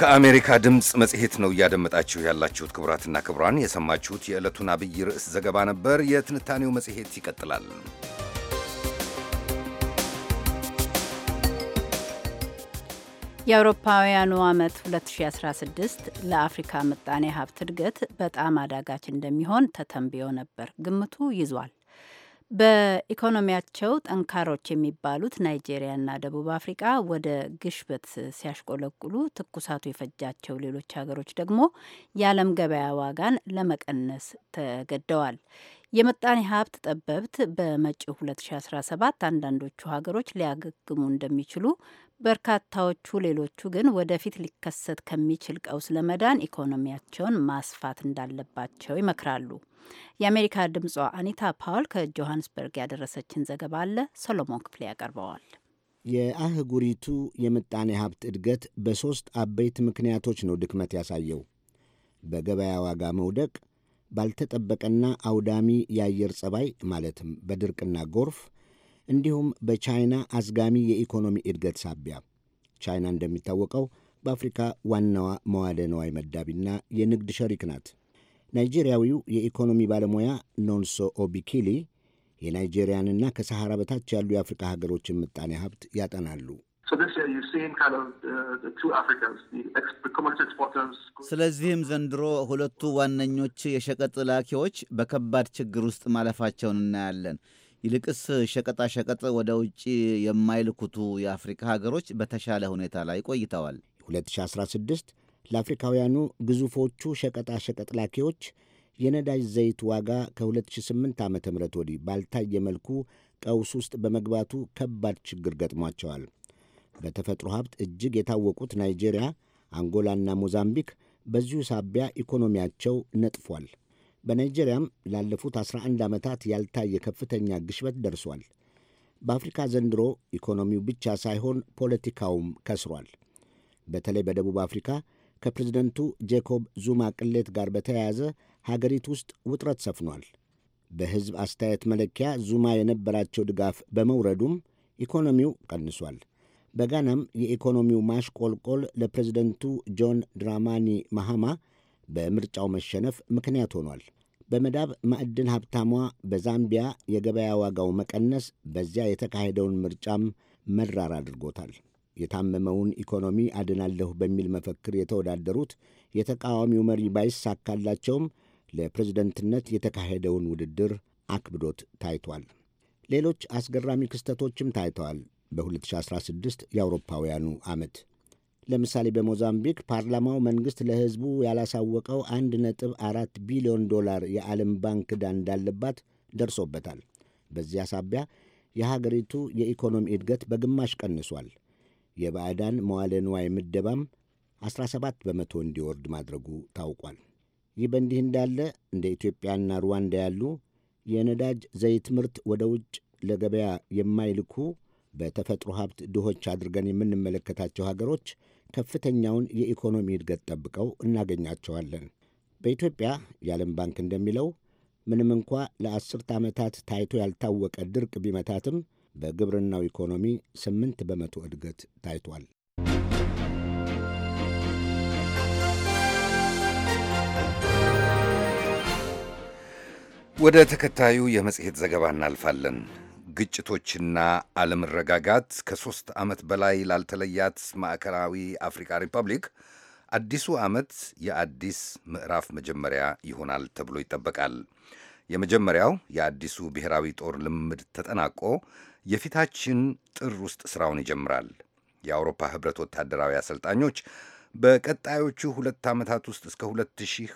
ከአሜሪካ ድምፅ መጽሔት ነው እያደመጣችሁ ያላችሁት። ክቡራትና ክቡራን የሰማችሁት የዕለቱን አብይ ርዕስ ዘገባ ነበር። የትንታኔው መጽሔት ይቀጥላል። የአውሮፓውያኑ ዓመት 2016 ለአፍሪካ ምጣኔ ሀብት እድገት በጣም አዳጋች እንደሚሆን ተተንብዮ ነበር። ግምቱ ይዟል። በኢኮኖሚያቸው ጠንካሮች የሚባሉት ናይጄሪያና ደቡብ አፍሪቃ ወደ ግሽበት ሲያሽቆለቁሉ ትኩሳቱ የፈጃቸው ሌሎች ሀገሮች ደግሞ የዓለም ገበያ ዋጋን ለመቀነስ ተገደዋል። የምጣኔ ሀብት ጠበብት በመጪው 2017 አንዳንዶቹ ሀገሮች ሊያገግሙ እንደሚችሉ በርካታዎቹ ሌሎቹ ግን ወደፊት ሊከሰት ከሚችል ቀውስ ለመዳን ኢኮኖሚያቸውን ማስፋት እንዳለባቸው ይመክራሉ። የአሜሪካ ድምጿ አኒታ ፓውል ከጆሃንስበርግ ያደረሰችን ዘገባ አለ፣ ሰሎሞን ክፍሌ ያቀርበዋል። የአህጉሪቱ የምጣኔ ሀብት እድገት በሦስት አበይት ምክንያቶች ነው ድክመት ያሳየው። በገበያ ዋጋ መውደቅ፣ ባልተጠበቀና አውዳሚ የአየር ጸባይ ማለትም በድርቅና ጎርፍ እንዲሁም በቻይና አዝጋሚ የኢኮኖሚ እድገት ሳቢያ ቻይና እንደሚታወቀው በአፍሪካ ዋናዋ መዋለ ነዋይ መዳቢና የንግድ ሸሪክ ናት። ናይጄሪያዊው የኢኮኖሚ ባለሙያ ኖንሶ ኦቢኪሊ የናይጄሪያንና ከሰሐራ በታች ያሉ የአፍሪካ ሀገሮችን ምጣኔ ሀብት ያጠናሉ። ስለዚህም ዘንድሮ ሁለቱ ዋነኞች የሸቀጥ ላኪዎች በከባድ ችግር ውስጥ ማለፋቸውን እናያለን። ይልቅስ ሸቀጣሸቀጥ ወደ ውጭ የማይልኩቱ የአፍሪካ ሀገሮች በተሻለ ሁኔታ ላይ ቆይተዋል። 2016 ለአፍሪካውያኑ ግዙፎቹ ሸቀጣሸቀጥ ላኪዎች የነዳጅ ዘይት ዋጋ ከ2008 ዓ ም ወዲህ ባልታየ መልኩ ቀውስ ውስጥ በመግባቱ ከባድ ችግር ገጥሟቸዋል። በተፈጥሮ ሀብት እጅግ የታወቁት ናይጄሪያ፣ አንጎላና ሞዛምቢክ በዚሁ ሳቢያ ኢኮኖሚያቸው ነጥፏል። በናይጄሪያም ላለፉት 11 ዓመታት ያልታየ ከፍተኛ ግሽበት ደርሷል። በአፍሪካ ዘንድሮ ኢኮኖሚው ብቻ ሳይሆን ፖለቲካውም ከስሯል። በተለይ በደቡብ አፍሪካ ከፕሬዝደንቱ ጄኮብ ዙማ ቅሌት ጋር በተያያዘ ሀገሪቱ ውስጥ ውጥረት ሰፍኗል። በሕዝብ አስተያየት መለኪያ ዙማ የነበራቸው ድጋፍ በመውረዱም ኢኮኖሚው ቀንሷል። በጋናም የኢኮኖሚው ማሽቆልቆል ለፕሬዝደንቱ ጆን ድራማኒ ማሃማ በምርጫው መሸነፍ ምክንያት ሆኗል። በመዳብ ማዕድን ሀብታሟ በዛምቢያ የገበያ ዋጋው መቀነስ በዚያ የተካሄደውን ምርጫም መራር አድርጎታል። የታመመውን ኢኮኖሚ አድናለሁ በሚል መፈክር የተወዳደሩት የተቃዋሚው መሪ ባይሳካላቸውም ለፕሬዝደንትነት የተካሄደውን ውድድር አክብዶት ታይቷል። ሌሎች አስገራሚ ክስተቶችም ታይተዋል። በ2016 የአውሮፓውያኑ ዓመት ለምሳሌ በሞዛምቢክ ፓርላማው መንግሥት ለሕዝቡ ያላሳወቀው 1.4 ቢሊዮን ዶላር የዓለም ባንክ ዕዳ እንዳለባት ደርሶበታል። በዚያ ሳቢያ የሀገሪቱ የኢኮኖሚ እድገት በግማሽ ቀንሷል። የባዕዳን መዋለ ንዋይ ምደባም 17 በመቶ እንዲወርድ ማድረጉ ታውቋል። ይህ በእንዲህ እንዳለ እንደ ኢትዮጵያና ሩዋንዳ ያሉ የነዳጅ ዘይት ምርት ወደ ውጭ ለገበያ የማይልኩ በተፈጥሮ ሀብት ድሆች አድርገን የምንመለከታቸው ሀገሮች ከፍተኛውን የኢኮኖሚ እድገት ጠብቀው እናገኛቸዋለን። በኢትዮጵያ የዓለም ባንክ እንደሚለው ምንም እንኳ ለአስርተ ዓመታት ታይቶ ያልታወቀ ድርቅ ቢመታትም በግብርናው ኢኮኖሚ ስምንት በመቶ እድገት ታይቷል። ወደ ተከታዩ የመጽሔት ዘገባ እናልፋለን። ግጭቶችና አለመረጋጋት ከሦስት ዓመት በላይ ላልተለያት ማዕከላዊ አፍሪካ ሪፐብሊክ አዲሱ ዓመት የአዲስ ምዕራፍ መጀመሪያ ይሆናል ተብሎ ይጠበቃል። የመጀመሪያው የአዲሱ ብሔራዊ ጦር ልምምድ ተጠናቆ የፊታችን ጥር ውስጥ ሥራውን ይጀምራል። የአውሮፓ ኅብረት ወታደራዊ አሰልጣኞች በቀጣዮቹ ሁለት ዓመታት ውስጥ እስከ ሁለት ሺህ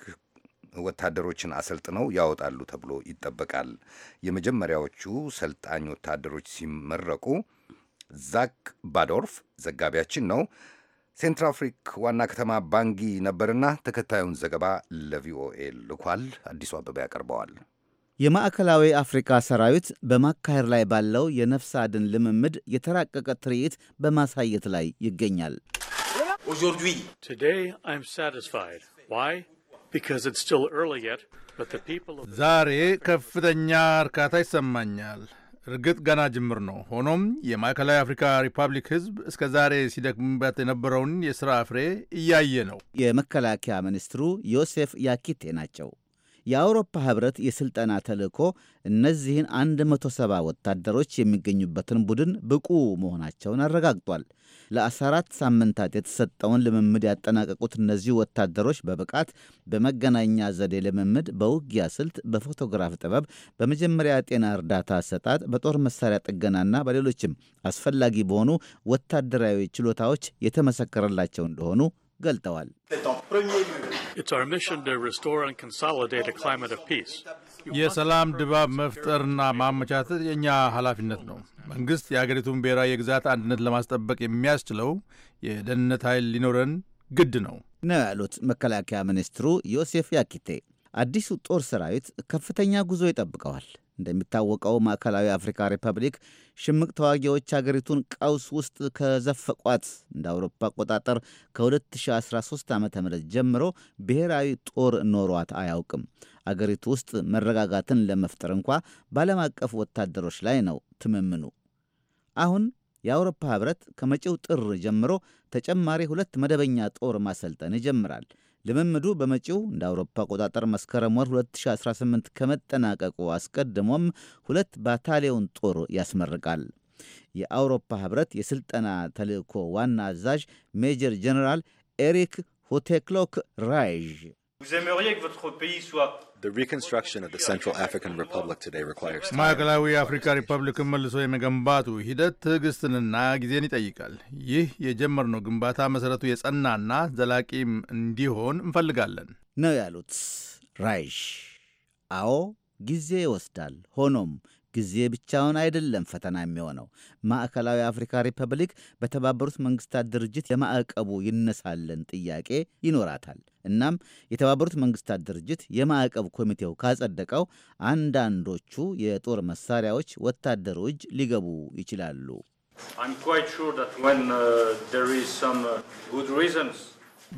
ወታደሮችን አሰልጥነው ያወጣሉ ተብሎ ይጠበቃል። የመጀመሪያዎቹ ሰልጣኝ ወታደሮች ሲመረቁ ዛክ ባዶርፍ ዘጋቢያችን ነው። አፍሪክ ዋና ከተማ ባንጊ ነበርና ተከታዩን ዘገባ ለቪኦኤ ልኳል። አዲሱ አበባ ያቀርበዋል። የማዕከላዊ አፍሪካ ሰራዊት በማካሄድ ላይ ባለው የነፍስ አድን ልምምድ የተራቀቀ ትርኢት በማሳየት ላይ ይገኛል። ዛሬ ከፍተኛ እርካታ ይሰማኛል። እርግጥ ገና ጅምር ነው። ሆኖም የማዕከላዊ አፍሪካ ሪፐብሊክ ሕዝብ እስከ ዛሬ ሲደክምበት የነበረውን የሥራ ፍሬ እያየ ነው። የመከላከያ ሚኒስትሩ ዮሴፍ ያኪቴ ናቸው። የአውሮፓ ህብረት የሥልጠና ተልእኮ እነዚህን 170 ወታደሮች የሚገኙበትን ቡድን ብቁ መሆናቸውን አረጋግጧል። ለ14 ሳምንታት የተሰጠውን ልምምድ ያጠናቀቁት እነዚህ ወታደሮች በብቃት በመገናኛ ዘዴ ልምምድ፣ በውጊያ ስልት፣ በፎቶግራፍ ጥበብ፣ በመጀመሪያ ጤና እርዳታ አሰጣጥ፣ በጦር መሳሪያ ጥገናና በሌሎችም አስፈላጊ በሆኑ ወታደራዊ ችሎታዎች የተመሰከረላቸው እንደሆኑ ገልጠዋል። የሰላም ድባብ መፍጠርና ማመቻተት የእኛ ኃላፊነት ነው። መንግሥት የአገሪቱን ብሔራዊ የግዛት አንድነት ለማስጠበቅ የሚያስችለው የደህንነት ኃይል ሊኖረን ግድ ነው ነው ያሉት መከላከያ ሚኒስትሩ ዮሴፍ ያኪቴ። አዲሱ ጦር ሰራዊት ከፍተኛ ጉዞ ይጠብቀዋል። እንደሚታወቀው ማዕከላዊ አፍሪካ ሪፐብሊክ ሽምቅ ተዋጊዎች ሀገሪቱን ቀውስ ውስጥ ከዘፈቋት እንደ አውሮፓ አቆጣጠር ከ2013 ዓ ም ጀምሮ ብሔራዊ ጦር ኖሯት አያውቅም። አገሪቱ ውስጥ መረጋጋትን ለመፍጠር እንኳ በዓለም አቀፍ ወታደሮች ላይ ነው ትምምኑ። አሁን የአውሮፓ ህብረት ከመጪው ጥር ጀምሮ ተጨማሪ ሁለት መደበኛ ጦር ማሰልጠን ይጀምራል። ልምምዱ በመጪው እንደ አውሮፓ አቆጣጠር መስከረም ወር 2018 ከመጠናቀቁ አስቀድሞም ሁለት ባታሊዮን ጦር ያስመርቃል። የአውሮፓ ህብረት የሥልጠና ተልእኮ ዋና አዛዥ ሜጀር ጀነራል ኤሪክ ሆቴክሎክ ራይዥ The reconstruction of the Central African Republic today requires ማዕከላዊ የአፍሪካ ሪፐብሊክን መልሶ የመገንባቱ ሂደት ትዕግስትንና ጊዜን ይጠይቃል። ይህ የጀመርነው ግንባታ መሰረቱ የጸናና ዘላቂም እንዲሆን እንፈልጋለን ነው ያሉት ራይሽ። አዎ ጊዜ ይወስዳል። ሆኖም ጊዜ ብቻውን አይደለም ፈተና የሚሆነው። ማዕከላዊ አፍሪካ ሪፐብሊክ በተባበሩት መንግስታት ድርጅት የማዕቀቡ ይነሳለን ጥያቄ ይኖራታል። እናም የተባበሩት መንግስታት ድርጅት የማዕቀብ ኮሚቴው ካጸደቀው አንዳንዶቹ የጦር መሳሪያዎች ወታደሩ እጅ ሊገቡ ይችላሉ። uh, uh,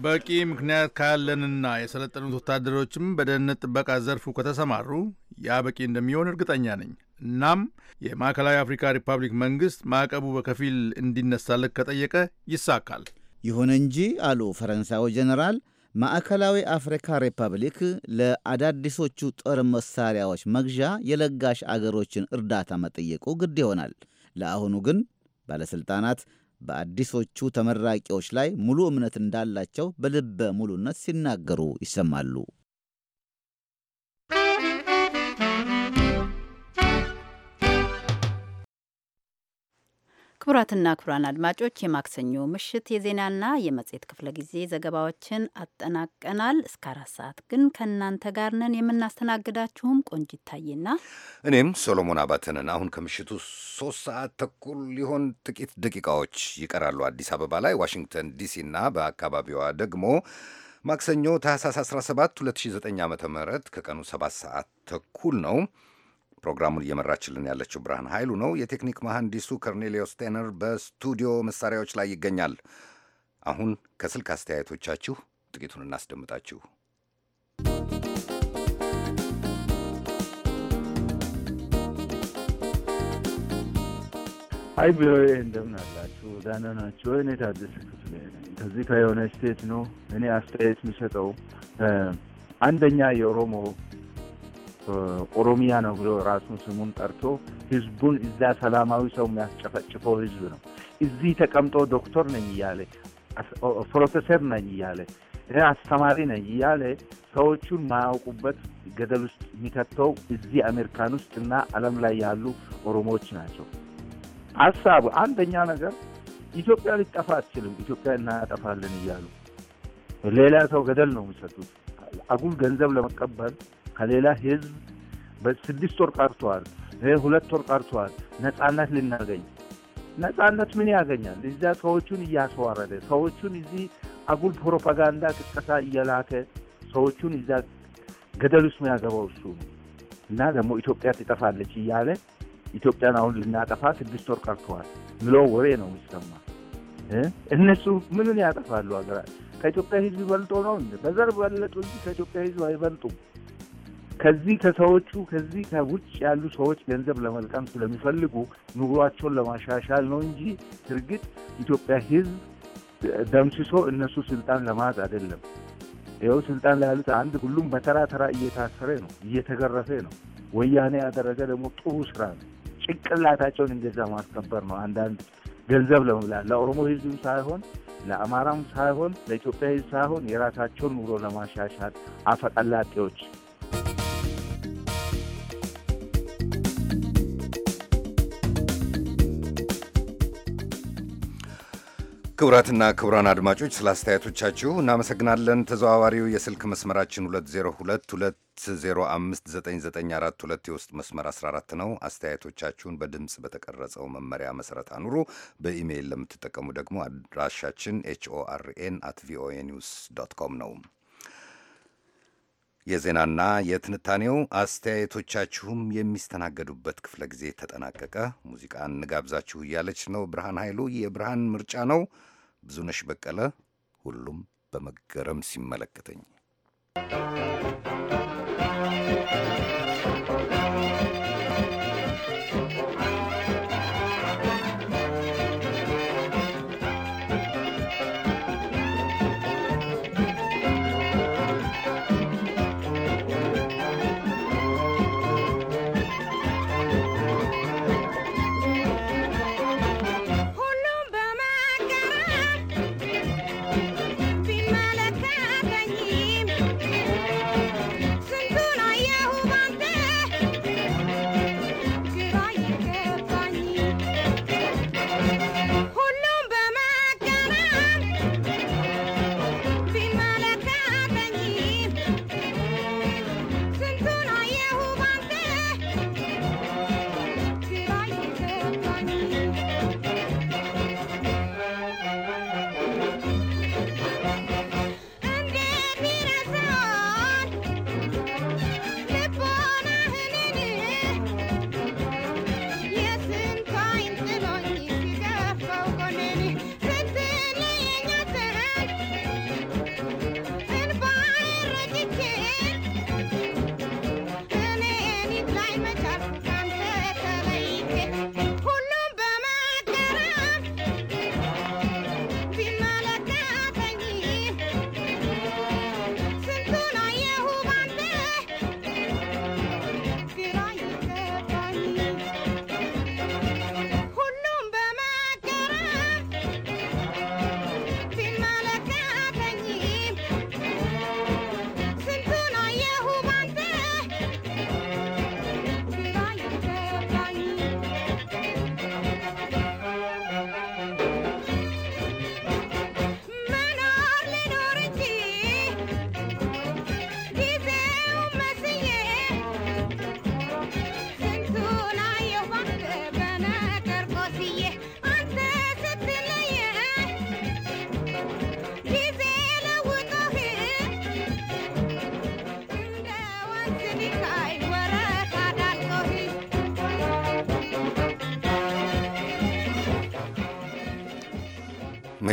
በቂ ምክንያት ካለንና የሰለጠኑት ወታደሮችም በደህንነት ጥበቃ ዘርፉ ከተሰማሩ ያ በቂ እንደሚሆን እርግጠኛ ነኝ። እናም የማዕከላዊ አፍሪካ ሪፐብሊክ መንግስት ማዕቀቡ በከፊል እንዲነሳለት ከጠየቀ ይሳካል። ይሁን እንጂ አሉ ፈረንሳዊ ጀነራል ማዕከላዊ አፍሪካ ሪፐብሊክ ለአዳዲሶቹ ጦር መሳሪያዎች መግዣ የለጋሽ አገሮችን እርዳታ መጠየቁ ግድ ይሆናል። ለአሁኑ ግን ባለሥልጣናት በአዲሶቹ ተመራቂዎች ላይ ሙሉ እምነት እንዳላቸው በልበ ሙሉነት ሲናገሩ ይሰማሉ። ክቡራትና ክቡራን አድማጮች የማክሰኞ ምሽት የዜናና የመጽሔት ክፍለ ጊዜ ዘገባዎችን አጠናቀናል። እስከ አራት ሰዓት ግን ከእናንተ ጋር ነን። የምናስተናግዳችሁም ቆንጅ ይታይና እኔም ሶሎሞን አባተንን። አሁን ከምሽቱ ሶስት ሰዓት ተኩል ሊሆን ጥቂት ደቂቃዎች ይቀራሉ። አዲስ አበባ ላይ፣ ዋሽንግተን ዲሲና በአካባቢዋ ደግሞ ማክሰኞ ታህሳስ 17 2009 ዓ ም ከቀኑ 7 ሰዓት ተኩል ነው። ፕሮግራሙን እየመራችልን ያለችው ብርሃን ኃይሉ ነው። የቴክኒክ መሐንዲሱ ኮርኔሊዮስ ቴነር በስቱዲዮ መሳሪያዎች ላይ ይገኛል። አሁን ከስልክ አስተያየቶቻችሁ ጥቂቱን እናስደምጣችሁ። አይ ብሎዬ እንደምን አላችሁ? ደህና ናችሁ? እኔ ታደሰ ክፍሌ ነኝ። ከዚህ ከዩናይት ስቴትስ ነው። እኔ አስተያየት የሚሰጠው አንደኛ የኦሮሞ ኦሮሚያ ነው ብሎ ራሱን ስሙን ጠርቶ ህዝቡን እዛ ሰላማዊ ሰው የሚያስጨፈጭፈው ህዝብ ነው። እዚህ ተቀምጦ ዶክተር ነኝ እያለ ፕሮፌሰር ነኝ እያለ አስተማሪ ነኝ እያለ ሰዎቹን ማያውቁበት ገደል ውስጥ የሚከተው እዚህ አሜሪካን ውስጥ እና ዓለም ላይ ያሉ ኦሮሞዎች ናቸው። ሀሳቡ አንደኛ ነገር ኢትዮጵያ ሊጠፋ አትችልም፣ ኢትዮጵያ እናጠፋለን እያሉ ሌላ ሰው ገደል ነው የሚሰጡት አጉል ገንዘብ ለመቀበል ከሌላ ህዝብ በስድስት ወር ቀርተዋል። ሁለት ወር ቀርተዋል ነጻነት ልናገኝ። ነጻነት ምን ያገኛል? እዚያ ሰዎቹን እያስዋረደ ሰዎቹን እዚህ አጉል ፕሮፓጋንዳ ቅስቀሳ እየላከ ሰዎቹን እዚያ ገደል ውስጥ ያገባው እሱ እና ደግሞ ኢትዮጵያ ትጠፋለች እያለ ኢትዮጵያን አሁን ልናጠፋ ስድስት ወር ቀርተዋል ምለው ወሬ ነው የሚሰማ። እነሱ ምንን ያጠፋሉ? ሀገራት ከኢትዮጵያ ህዝብ ይበልጦ ነው? በዘር በለጡ እንጂ ከኢትዮጵያ ህዝብ አይበልጡም። ከዚህ ከሰዎቹ ከዚህ ከውጭ ያሉ ሰዎች ገንዘብ ለመልቀም ስለሚፈልጉ ኑሯቸውን ለማሻሻል ነው እንጂ እርግጥ ኢትዮጵያ ሕዝብ ደምስሶ እነሱ ስልጣን ለማዝ አይደለም። ይኸው ስልጣን ላይ ያሉት አንድ ሁሉም በተራ ተራ እየታሰረ ነው፣ እየተገረፈ ነው። ወያኔ ያደረገ ደግሞ ጥሩ ስራ ነው። ጭንቅላታቸውን እንደዛ ማስከበር ነው። አንዳንድ ገንዘብ ለመብላት ለኦሮሞ ህዝብም ሳይሆን ለአማራም ሳይሆን ለኢትዮጵያ ህዝብ ሳይሆን የራሳቸውን ኑሮ ለማሻሻል አፈቀላጤዎች ክቡራትና ክቡራን አድማጮች ስለ አስተያየቶቻችሁ እናመሰግናለን። ተዘዋዋሪው የስልክ መስመራችን 2022059942 የውስጥ መስመር 14 ነው። አስተያየቶቻችሁን በድምፅ በተቀረጸው መመሪያ መሰረት አኑሩ። በኢሜይል ለምትጠቀሙ ደግሞ አድራሻችን ኤችኦአርኤን አት ቪኦኤ ኒውስ ዶት ኮም ነው። የዜናና የትንታኔው አስተያየቶቻችሁም የሚስተናገዱበት ክፍለ ጊዜ ተጠናቀቀ። ሙዚቃ እንጋብዛችሁ እያለች ነው ብርሃን ኃይሉ። የብርሃን ምርጫ ነው ብዙነሽ በቀለ። ሁሉም በመገረም ሲመለከተኝ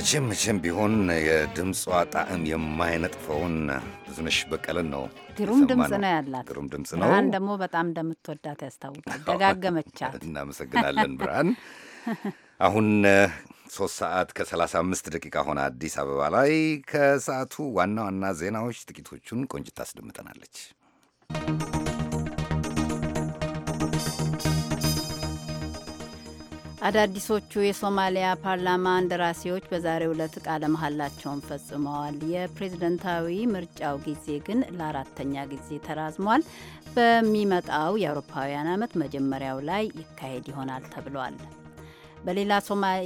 መቼም መቼም ቢሆን የድምጿ ጣዕም የማይነጥፈውን ብዙነሽ በቀለን ነው። ግሩም ድምፅ ነው ያላት። ግሩም ድምፅ ነው። ብርሃን ደግሞ በጣም እንደምትወዳት ያስታውቃል። ደጋገመቻት። እናመሰግናለን ብርሃን። አሁን ሶስት ሰዓት ከሰላሳ አምስት ደቂቃ ሆነ አዲስ አበባ ላይ። ከሰዓቱ ዋና ዋና ዜናዎች ጥቂቶቹን ቆንጅት አስደምጠናለች። ታስደምጠናለች። አዳዲሶቹ የሶማሊያ ፓርላማ እንደራሴዎች በዛሬው ዕለት ቃለ መሐላቸውን ፈጽመዋል። የፕሬዝደንታዊ ምርጫው ጊዜ ግን ለአራተኛ ጊዜ ተራዝሟል። በሚመጣው የአውሮፓውያን ዓመት መጀመሪያው ላይ ይካሄድ ይሆናል ተብሏል። በሌላ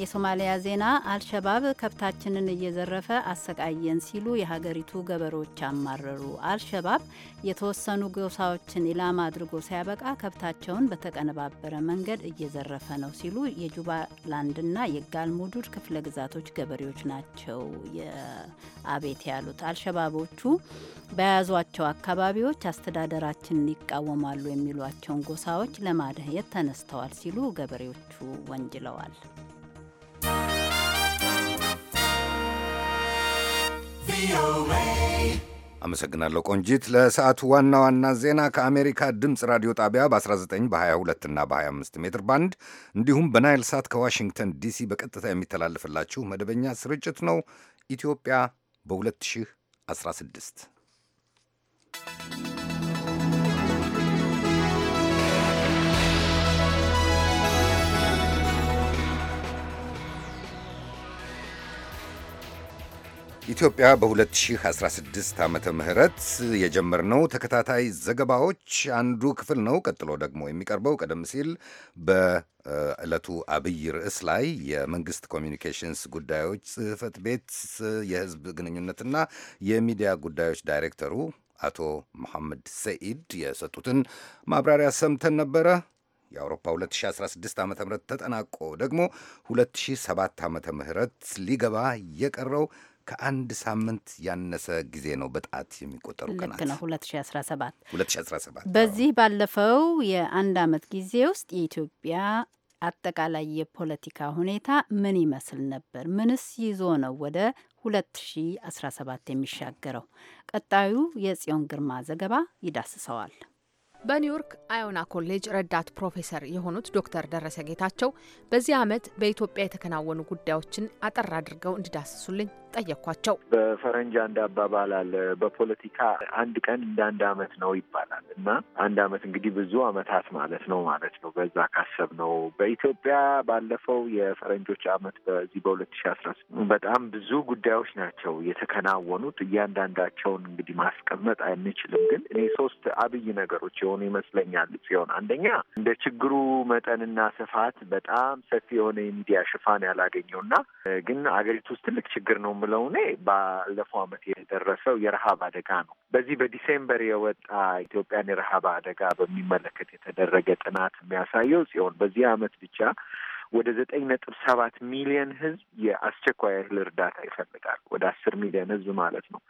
የሶማሊያ ዜና አልሸባብ ከብታችንን እየዘረፈ አሰቃየን ሲሉ የሀገሪቱ ገበሬዎች አማረሩ። አልሸባብ የተወሰኑ ጎሳዎችን ኢላማ አድርጎ ሲያበቃ ከብታቸውን በተቀነባበረ መንገድ እየዘረፈ ነው ሲሉ የጁባላንድና የጋልሙዱድ ክፍለ ግዛቶች ገበሬዎች ናቸው የአቤት ያሉት። አልሸባቦቹ በያዟቸው አካባቢዎች አስተዳደራችንን ይቃወማሉ የሚሏቸውን ጎሳዎች ለማደህየት ተነስተዋል ሲሉ ገበሬዎቹ ወንጅለዋል። ይቀጥላል። አመሰግናለሁ ቆንጂት። ለሰዓቱ ዋና ዋና ዜና ከአሜሪካ ድምፅ ራዲዮ ጣቢያ በ19 በ22 እና በ25 ሜትር ባንድ እንዲሁም በናይል ሳት ከዋሽንግተን ዲሲ በቀጥታ የሚተላለፍላችሁ መደበኛ ስርጭት ነው። ኢትዮጵያ በ2016 ኢትዮጵያ በ2016 ዓመተ ምህረት የጀመርነው ተከታታይ ዘገባዎች አንዱ ክፍል ነው። ቀጥሎ ደግሞ የሚቀርበው ቀደም ሲል በዕለቱ አብይ ርዕስ ላይ የመንግስት ኮሚኒኬሽንስ ጉዳዮች ጽህፈት ቤት የህዝብ ግንኙነትና የሚዲያ ጉዳዮች ዳይሬክተሩ አቶ መሐመድ ሰኢድ የሰጡትን ማብራሪያ ሰምተን ነበረ። የአውሮፓ 2016 ዓ ም ተጠናቆ ደግሞ 2007 ዓ ም ሊገባ የቀረው ከአንድ ሳምንት ያነሰ ጊዜ ነው በጣት የሚቆጠሩ ቀናት። ነው። 2017 2017 በዚህ ባለፈው የአንድ አመት ጊዜ ውስጥ የኢትዮጵያ አጠቃላይ የፖለቲካ ሁኔታ ምን ይመስል ነበር? ምንስ ይዞ ነው ወደ 2017 የሚሻገረው? ቀጣዩ የጽዮን ግርማ ዘገባ ይዳስሰዋል። በኒውዮርክ አዮና ኮሌጅ ረዳት ፕሮፌሰር የሆኑት ዶክተር ደረሰ ጌታቸው በዚህ ዓመት በኢትዮጵያ የተከናወኑ ጉዳዮችን አጠር አድርገው እንዲዳስሱልኝ ጠየኳቸው። በፈረንጅ አንድ አባባል አለ። በፖለቲካ አንድ ቀን እንደ አንድ አመት ነው ይባላል እና አንድ አመት እንግዲህ ብዙ አመታት ማለት ነው ማለት ነው። በዛ ካሰብ ነው በኢትዮጵያ ባለፈው የፈረንጆች አመት በዚህ በሁለት ሺ አስራ በጣም ብዙ ጉዳዮች ናቸው የተከናወኑት። እያንዳንዳቸውን እንግዲህ ማስቀመጥ አንችልም፣ ግን እኔ ሶስት አብይ ነገሮች የሆኑ ይመስለኛል ሲሆን አንደኛ እንደ ችግሩ መጠንና ስፋት በጣም ሰፊ የሆነ የሚዲያ ሽፋን ያላገኘውና ግን አገሪቱ ውስጥ ትልቅ ችግር ነው የምለው እኔ ባለፈው ዓመት የደረሰው የረሃብ አደጋ ነው። በዚህ በዲሴምበር የወጣ ኢትዮጵያን የረሃብ አደጋ በሚመለከት የተደረገ ጥናት የሚያሳየው ሲሆን በዚህ ዓመት ብቻ ወደ ዘጠኝ ነጥብ ሰባት ሚሊዮን ህዝብ የአስቸኳይ እህል እርዳታ ይፈልጋል። ወደ አስር ሚሊዮን ህዝብ ማለት ነው።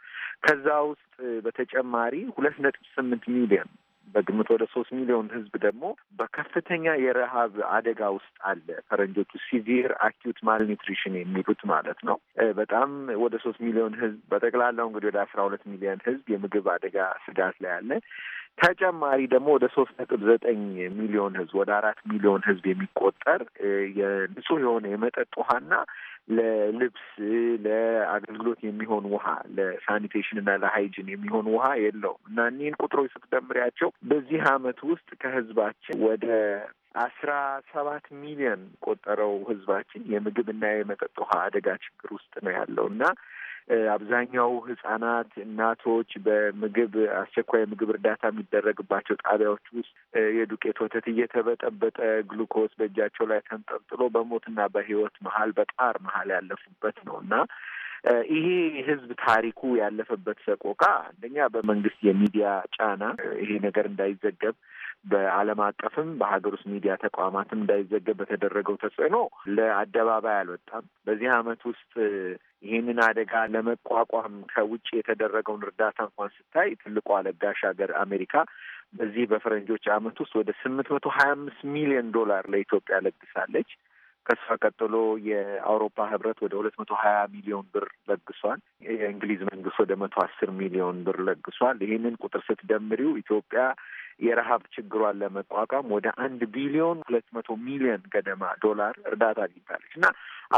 ከዛ ውስጥ በተጨማሪ ሁለት ነጥብ ስምንት ሚሊዮን በግምት ወደ ሶስት ሚሊዮን ህዝብ ደግሞ በከፍተኛ የረሃብ አደጋ ውስጥ አለ። ፈረንጆቹ ሲቪር አኪዩት ማልኒትሪሽን የሚሉት ማለት ነው። በጣም ወደ ሶስት ሚሊዮን ህዝብ በጠቅላላው እንግዲህ ወደ አስራ ሁለት ሚሊዮን ህዝብ የምግብ አደጋ ስጋት ላይ አለ። ተጨማሪ ደግሞ ወደ ሶስት ነጥብ ዘጠኝ ሚሊዮን ህዝብ ወደ አራት ሚሊዮን ህዝብ የሚቆጠር የንጹህ የሆነ የመጠጥ ውሃና ለልብስ ለአገልግሎት የሚሆን ውሃ ለሳኒቴሽን እና ለሃይጂን የሚሆን ውሃ የለውም እና እኒህን ቁጥሮች ስትደምሪያቸው በዚህ አመት ውስጥ ከህዝባችን ወደ አስራ ሰባት ሚሊዮን ቆጠረው ህዝባችን የምግብና የመጠጥ ውሃ አደጋ ችግር ውስጥ ነው ያለው እና አብዛኛው ህጻናት፣ እናቶች በምግብ አስቸኳይ ምግብ እርዳታ የሚደረግባቸው ጣቢያዎች ውስጥ የዱቄት ወተት እየተበጠበጠ ግሉኮስ በእጃቸው ላይ ተንጠልጥሎ በሞትና በህይወት መሀል በጣር መሀል ያለፉበት ነው እና ይሄ ህዝብ ታሪኩ ያለፈበት ሰቆቃ አንደኛ በመንግስት የሚዲያ ጫና ይሄ ነገር እንዳይዘገብ በዓለም አቀፍም በሀገር ውስጥ ሚዲያ ተቋማትም እንዳይዘገብ በተደረገው ተጽዕኖ ለአደባባይ አልወጣም። በዚህ ዓመት ውስጥ ይህንን አደጋ ለመቋቋም ከውጭ የተደረገውን እርዳታ እንኳን ስታይ ትልቁ አለጋሽ ሀገር አሜሪካ በዚህ በፈረንጆች ዓመት ውስጥ ወደ ስምንት መቶ ሀያ አምስት ሚሊዮን ዶላር ለኢትዮጵያ ለግሳለች። ከሷ ቀጥሎ የአውሮፓ ህብረት ወደ ሁለት መቶ ሀያ ሚሊዮን ብር ለግሷል። የእንግሊዝ መንግስት ወደ መቶ አስር ሚሊዮን ብር ለግሷል። ይህንን ቁጥር ስትደምሪው ኢትዮጵያ የረሀብ ችግሯን ለመቋቋም ወደ አንድ ቢሊዮን ሁለት መቶ ሚሊዮን ገደማ ዶላር እርዳታ አግኝታለች እና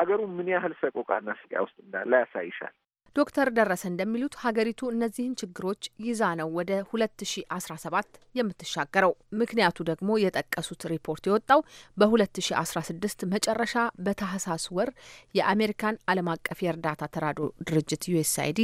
አገሩ ምን ያህል ሰቆቃና ስቃይ ውስጥ እንዳለ ያሳይሻል። ዶክተር ደረሰ እንደሚሉት ሀገሪቱ እነዚህን ችግሮች ይዛ ነው ወደ 2017 የምትሻገረው። ምክንያቱ ደግሞ የጠቀሱት ሪፖርት የወጣው በ2016 መጨረሻ በታህሳስ ወር የአሜሪካን ዓለም አቀፍ የእርዳታ ተራድኦ ድርጅት ዩኤስአይዲ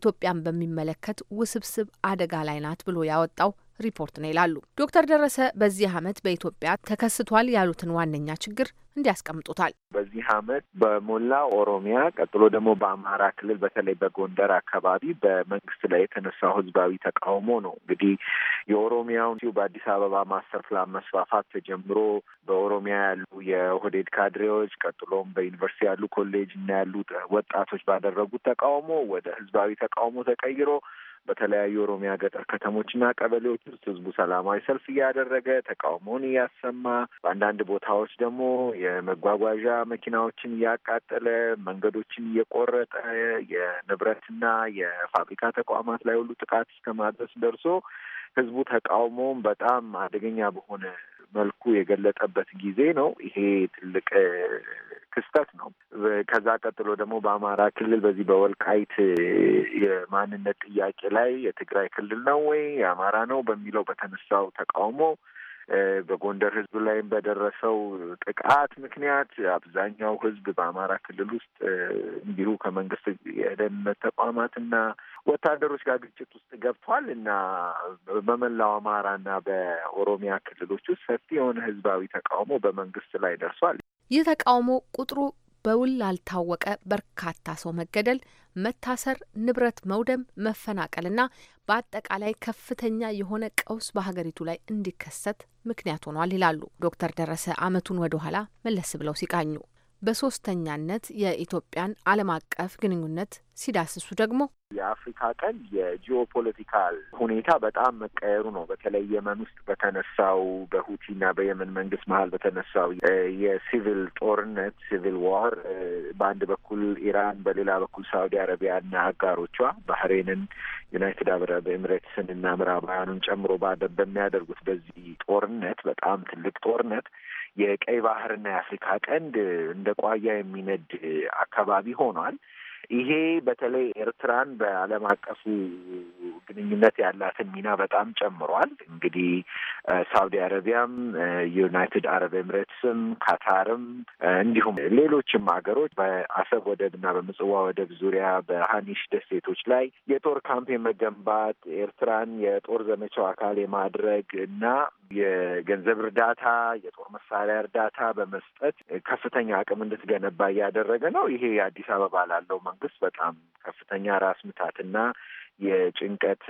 ኢትዮጵያን በሚመለከት ውስብስብ አደጋ ላይ ናት ብሎ ያወጣው ሪፖርት ነው ይላሉ። ዶክተር ደረሰ በዚህ አመት በኢትዮጵያ ተከስቷል ያሉትን ዋነኛ ችግር እንዲያስቀምጡታል። በዚህ አመት በሞላ ኦሮሚያ ቀጥሎ ደግሞ በአማራ ክልል በተለይ በጎንደር አካባቢ በመንግስት ላይ የተነሳው ህዝባዊ ተቃውሞ ነው። እንግዲህ የኦሮሚያውን ሲሁ በአዲስ አበባ ማስተር ፕላን መስፋፋት ተጀምሮ በኦሮሚያ ያሉ የኦህዴድ ካድሬዎች፣ ቀጥሎም በዩኒቨርሲቲ ያሉ ኮሌጅ እና ያሉ ወጣቶች ባደረጉት ተቃውሞ ወደ ህዝባዊ ተቃውሞ ተቀይሮ በተለያዩ ኦሮሚያ ገጠር ከተሞችና ቀበሌዎች ውስጥ ህዝቡ ሰላማዊ ሰልፍ እያደረገ ተቃውሞውን እያሰማ በአንዳንድ ቦታዎች ደግሞ የመጓጓዣ መኪናዎችን እያቃጠለ መንገዶችን እየቆረጠ የንብረትና የፋብሪካ ተቋማት ላይ ሁሉ ጥቃት እስከ ማድረስ ደርሶ ህዝቡ ተቃውሞውን በጣም አደገኛ በሆነ መልኩ የገለጠበት ጊዜ ነው። ይሄ ትልቅ ክስተት ነው። ከዛ ቀጥሎ ደግሞ በአማራ ክልል በዚህ በወልቃይት የማንነት ጥያቄ ላይ የትግራይ ክልል ነው ወይ የአማራ ነው በሚለው በተነሳው ተቃውሞ በጎንደር ህዝብ ላይም በደረሰው ጥቃት ምክንያት አብዛኛው ህዝብ በአማራ ክልል ውስጥ እንዲሁ ከመንግስት የደህንነት ተቋማትና ወታደሮች ጋር ግጭት ውስጥ ገብቷል እና በመላው አማራና በኦሮሚያ ክልሎች ውስጥ ሰፊ የሆነ ህዝባዊ ተቃውሞ በመንግስት ላይ ደርሷል። ይህ ተቃውሞ ቁጥሩ በውል ላልታወቀ በርካታ ሰው መገደል፣ መታሰር፣ ንብረት መውደም፣ መፈናቀልና በአጠቃላይ ከፍተኛ የሆነ ቀውስ በሀገሪቱ ላይ እንዲከሰት ምክንያት ሆኗል ይላሉ ዶክተር ደረሰ አመቱን ወደ ኋላ መለስ ብለው ሲቃኙ በሶስተኛነት የኢትዮጵያን ዓለም አቀፍ ግንኙነት ሲዳስሱ ደግሞ የአፍሪካ ቀንድ የጂኦፖለቲካል ሁኔታ በጣም መቀየሩ ነው። በተለይ የመን ውስጥ በተነሳው በሁቲና በየመን መንግስት መሀል በተነሳው የሲቪል ጦርነት ሲቪል ዋር በአንድ በኩል ኢራን፣ በሌላ በኩል አረቢያ አረቢያና አጋሮቿ ባህሬንን፣ ዩናይትድ አረብ ኤምሬትስን እና ምዕራባውያኑን ጨምሮ በሚያደርጉት በዚህ ጦርነት በጣም ትልቅ ጦርነት የቀይ ባህርና የአፍሪካ ቀንድ እንደ ቋያ የሚነድ አካባቢ ሆኗል። ይሄ በተለይ ኤርትራን በዓለም አቀፉ ግንኙነት ያላትን ሚና በጣም ጨምሯል። እንግዲህ ሳውዲ አረቢያም፣ ዩናይትድ አረብ ኤምሬትስም፣ ካታርም እንዲሁም ሌሎችም ሀገሮች በአሰብ ወደብ እና በምጽዋ ወደብ ዙሪያ በሀኒሽ ደሴቶች ላይ የጦር ካምፕ የመገንባት ኤርትራን የጦር ዘመቻው አካል የማድረግ እና የገንዘብ እርዳታ፣ የጦር መሳሪያ እርዳታ በመስጠት ከፍተኛ አቅም እንድትገነባ እያደረገ ነው። ይሄ የአዲስ አበባ ላለው ሲባባስ በጣም ከፍተኛ ራስ ምታትና የጭንቀት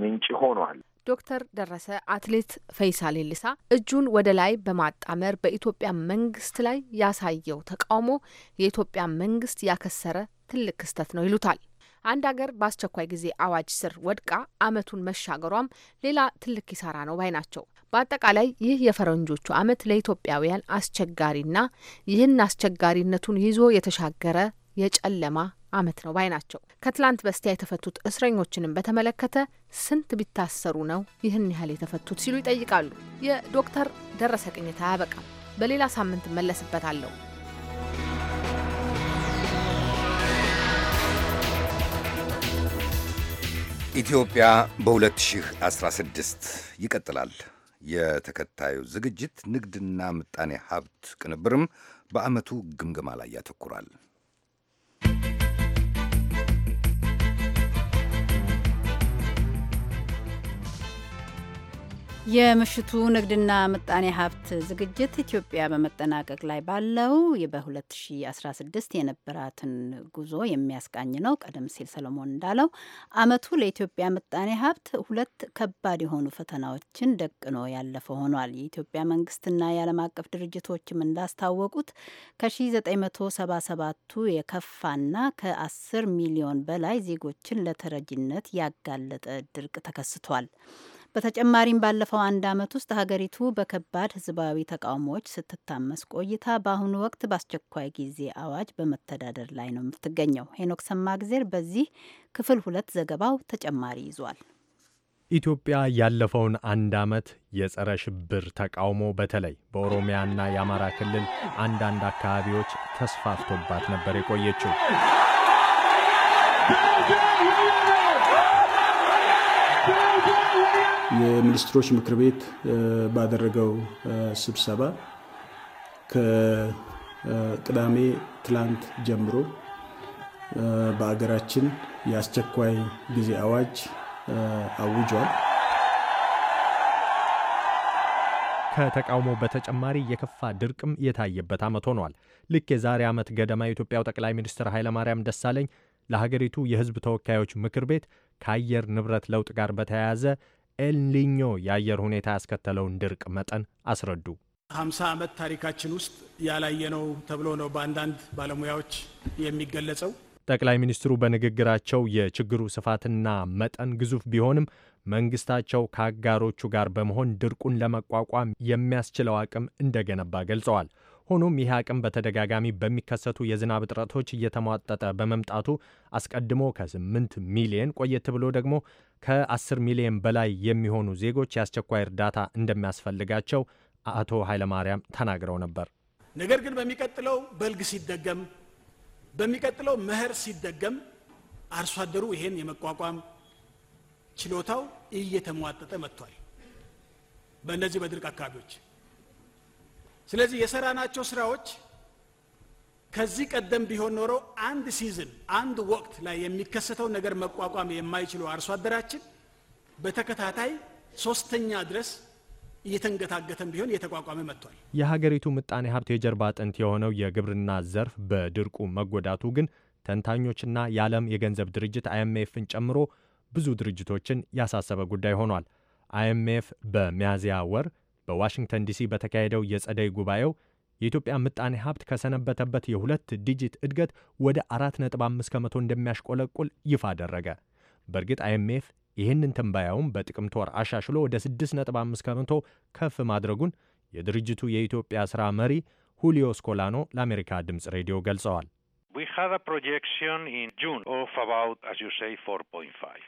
ምንጭ ሆኗል። ዶክተር ደረሰ አትሌት ፈይሳ ሌሊሳ እጁን ወደ ላይ በማጣመር በኢትዮጵያ መንግስት ላይ ያሳየው ተቃውሞ የኢትዮጵያ መንግስት ያከሰረ ትልቅ ክስተት ነው ይሉታል። አንድ አገር በአስቸኳይ ጊዜ አዋጅ ስር ወድቃ አመቱን መሻገሯም ሌላ ትልቅ ኪሳራ ነው ባይ ናቸው። በአጠቃላይ ይህ የፈረንጆቹ አመት ለኢትዮጵያውያን አስቸጋሪና ይህን አስቸጋሪነቱን ይዞ የተሻገረ የጨለማ አመት ነው ባይ ናቸው። ከትላንት በስቲያ የተፈቱት እስረኞችንም በተመለከተ ስንት ቢታሰሩ ነው ይህን ያህል የተፈቱት ሲሉ ይጠይቃሉ። የዶክተር ደረሰ ቅኝት አያበቃም። በሌላ ሳምንት እመለስበታለሁ። ኢትዮጵያ በ2016 ይቀጥላል። የተከታዩ ዝግጅት ንግድና ምጣኔ ሀብት ቅንብርም በዓመቱ ግምገማ ላይ ያተኩራል። የምሽቱ ንግድና ምጣኔ ሀብት ዝግጅት ኢትዮጵያ በመጠናቀቅ ላይ ባለው በ2016 የነበራትን ጉዞ የሚያስቃኝ ነው። ቀደም ሲል ሰለሞን እንዳለው አመቱ ለኢትዮጵያ ምጣኔ ሀብት ሁለት ከባድ የሆኑ ፈተናዎችን ደቅኖ ያለፈ ሆኗል። የኢትዮጵያ መንግስትና የዓለም አቀፍ ድርጅቶችም እንዳስታወቁት ከ1977ቱ የከፋና ከ10 ሚሊዮን በላይ ዜጎችን ለተረጂነት ያጋለጠ ድርቅ ተከስቷል። በተጨማሪም ባለፈው አንድ ዓመት ውስጥ ሀገሪቱ በከባድ ህዝባዊ ተቃውሞዎች ስትታመስ ቆይታ በአሁኑ ወቅት በአስቸኳይ ጊዜ አዋጅ በመተዳደር ላይ ነው የምትገኘው። ሄኖክ ሰማግዜር በዚህ ክፍል ሁለት ዘገባው ተጨማሪ ይዟል። ኢትዮጵያ ያለፈውን አንድ ዓመት የጸረ ሽብር ተቃውሞ በተለይ በኦሮሚያና የአማራ ክልል አንዳንድ አካባቢዎች ተስፋፍቶባት ነበር የቆየችው። የሚኒስትሮች ምክር ቤት ባደረገው ስብሰባ ከቅዳሜ ትላንት ጀምሮ በሀገራችን የአስቸኳይ ጊዜ አዋጅ አውጇል። ከተቃውሞ በተጨማሪ የከፋ ድርቅም የታየበት ዓመት ሆኗል። ልክ የዛሬ ዓመት ገደማ የኢትዮጵያው ጠቅላይ ሚኒስትር ኃይለማርያም ደሳለኝ ለሀገሪቱ የሕዝብ ተወካዮች ምክር ቤት ከአየር ንብረት ለውጥ ጋር በተያያዘ ኤልኒኞ የአየር ሁኔታ ያስከተለውን ድርቅ መጠን አስረዱ። ሀምሳ ዓመት ታሪካችን ውስጥ ያላየነው ተብሎ ነው በአንዳንድ ባለሙያዎች የሚገለጸው። ጠቅላይ ሚኒስትሩ በንግግራቸው የችግሩ ስፋትና መጠን ግዙፍ ቢሆንም መንግስታቸው ከአጋሮቹ ጋር በመሆን ድርቁን ለመቋቋም የሚያስችለው አቅም እንደገነባ ገልጸዋል። ሆኖም ይህ አቅም በተደጋጋሚ በሚከሰቱ የዝናብ እጥረቶች እየተሟጠጠ በመምጣቱ አስቀድሞ ከ8 ሚሊየን ቆየት ብሎ ደግሞ ከ10 ሚሊየን በላይ የሚሆኑ ዜጎች የአስቸኳይ እርዳታ እንደሚያስፈልጋቸው አቶ ኃይለማርያም ተናግረው ነበር። ነገር ግን በሚቀጥለው በልግ ሲደገም፣ በሚቀጥለው መኸር ሲደገም አርሶ አደሩ ይሄን የመቋቋም ችሎታው እየተሟጠጠ መጥቷል። በእነዚህ በድርቅ አካባቢዎች ስለዚህ የሰራናቸው ስራዎች ከዚህ ቀደም ቢሆን ኖሮ አንድ ሲዝን አንድ ወቅት ላይ የሚከሰተው ነገር መቋቋም የማይችለው አርሶ አደራችን በተከታታይ ሶስተኛ ድረስ እየተንገታገተም ቢሆን እየተቋቋመ መጥቷል። የሀገሪቱ ምጣኔ ሀብት የጀርባ አጥንት የሆነው የግብርና ዘርፍ በድርቁ መጎዳቱ ግን ተንታኞችና የዓለም የገንዘብ ድርጅት አይኤምኤፍን ጨምሮ ብዙ ድርጅቶችን ያሳሰበ ጉዳይ ሆኗል። አይኤምኤፍ በሚያዝያ ወር በዋሽንግተን ዲሲ በተካሄደው የጸደይ ጉባኤው የኢትዮጵያ ምጣኔ ሀብት ከሰነበተበት የሁለት ዲጂት እድገት ወደ 4.5 ከመቶ እንደሚያሽቆለቁል ይፋ አደረገ። በእርግጥ አይኤምኤፍ ይህንን ትንባያውም በጥቅምት ወር አሻሽሎ ወደ 6.5 ከመቶ ከፍ ማድረጉን የድርጅቱ የኢትዮጵያ ሥራ መሪ ሁሊዮ ስኮላኖ ለአሜሪካ ድምፅ ሬዲዮ ገልጸዋል። We had a projection in June of about, as you say, 4.5.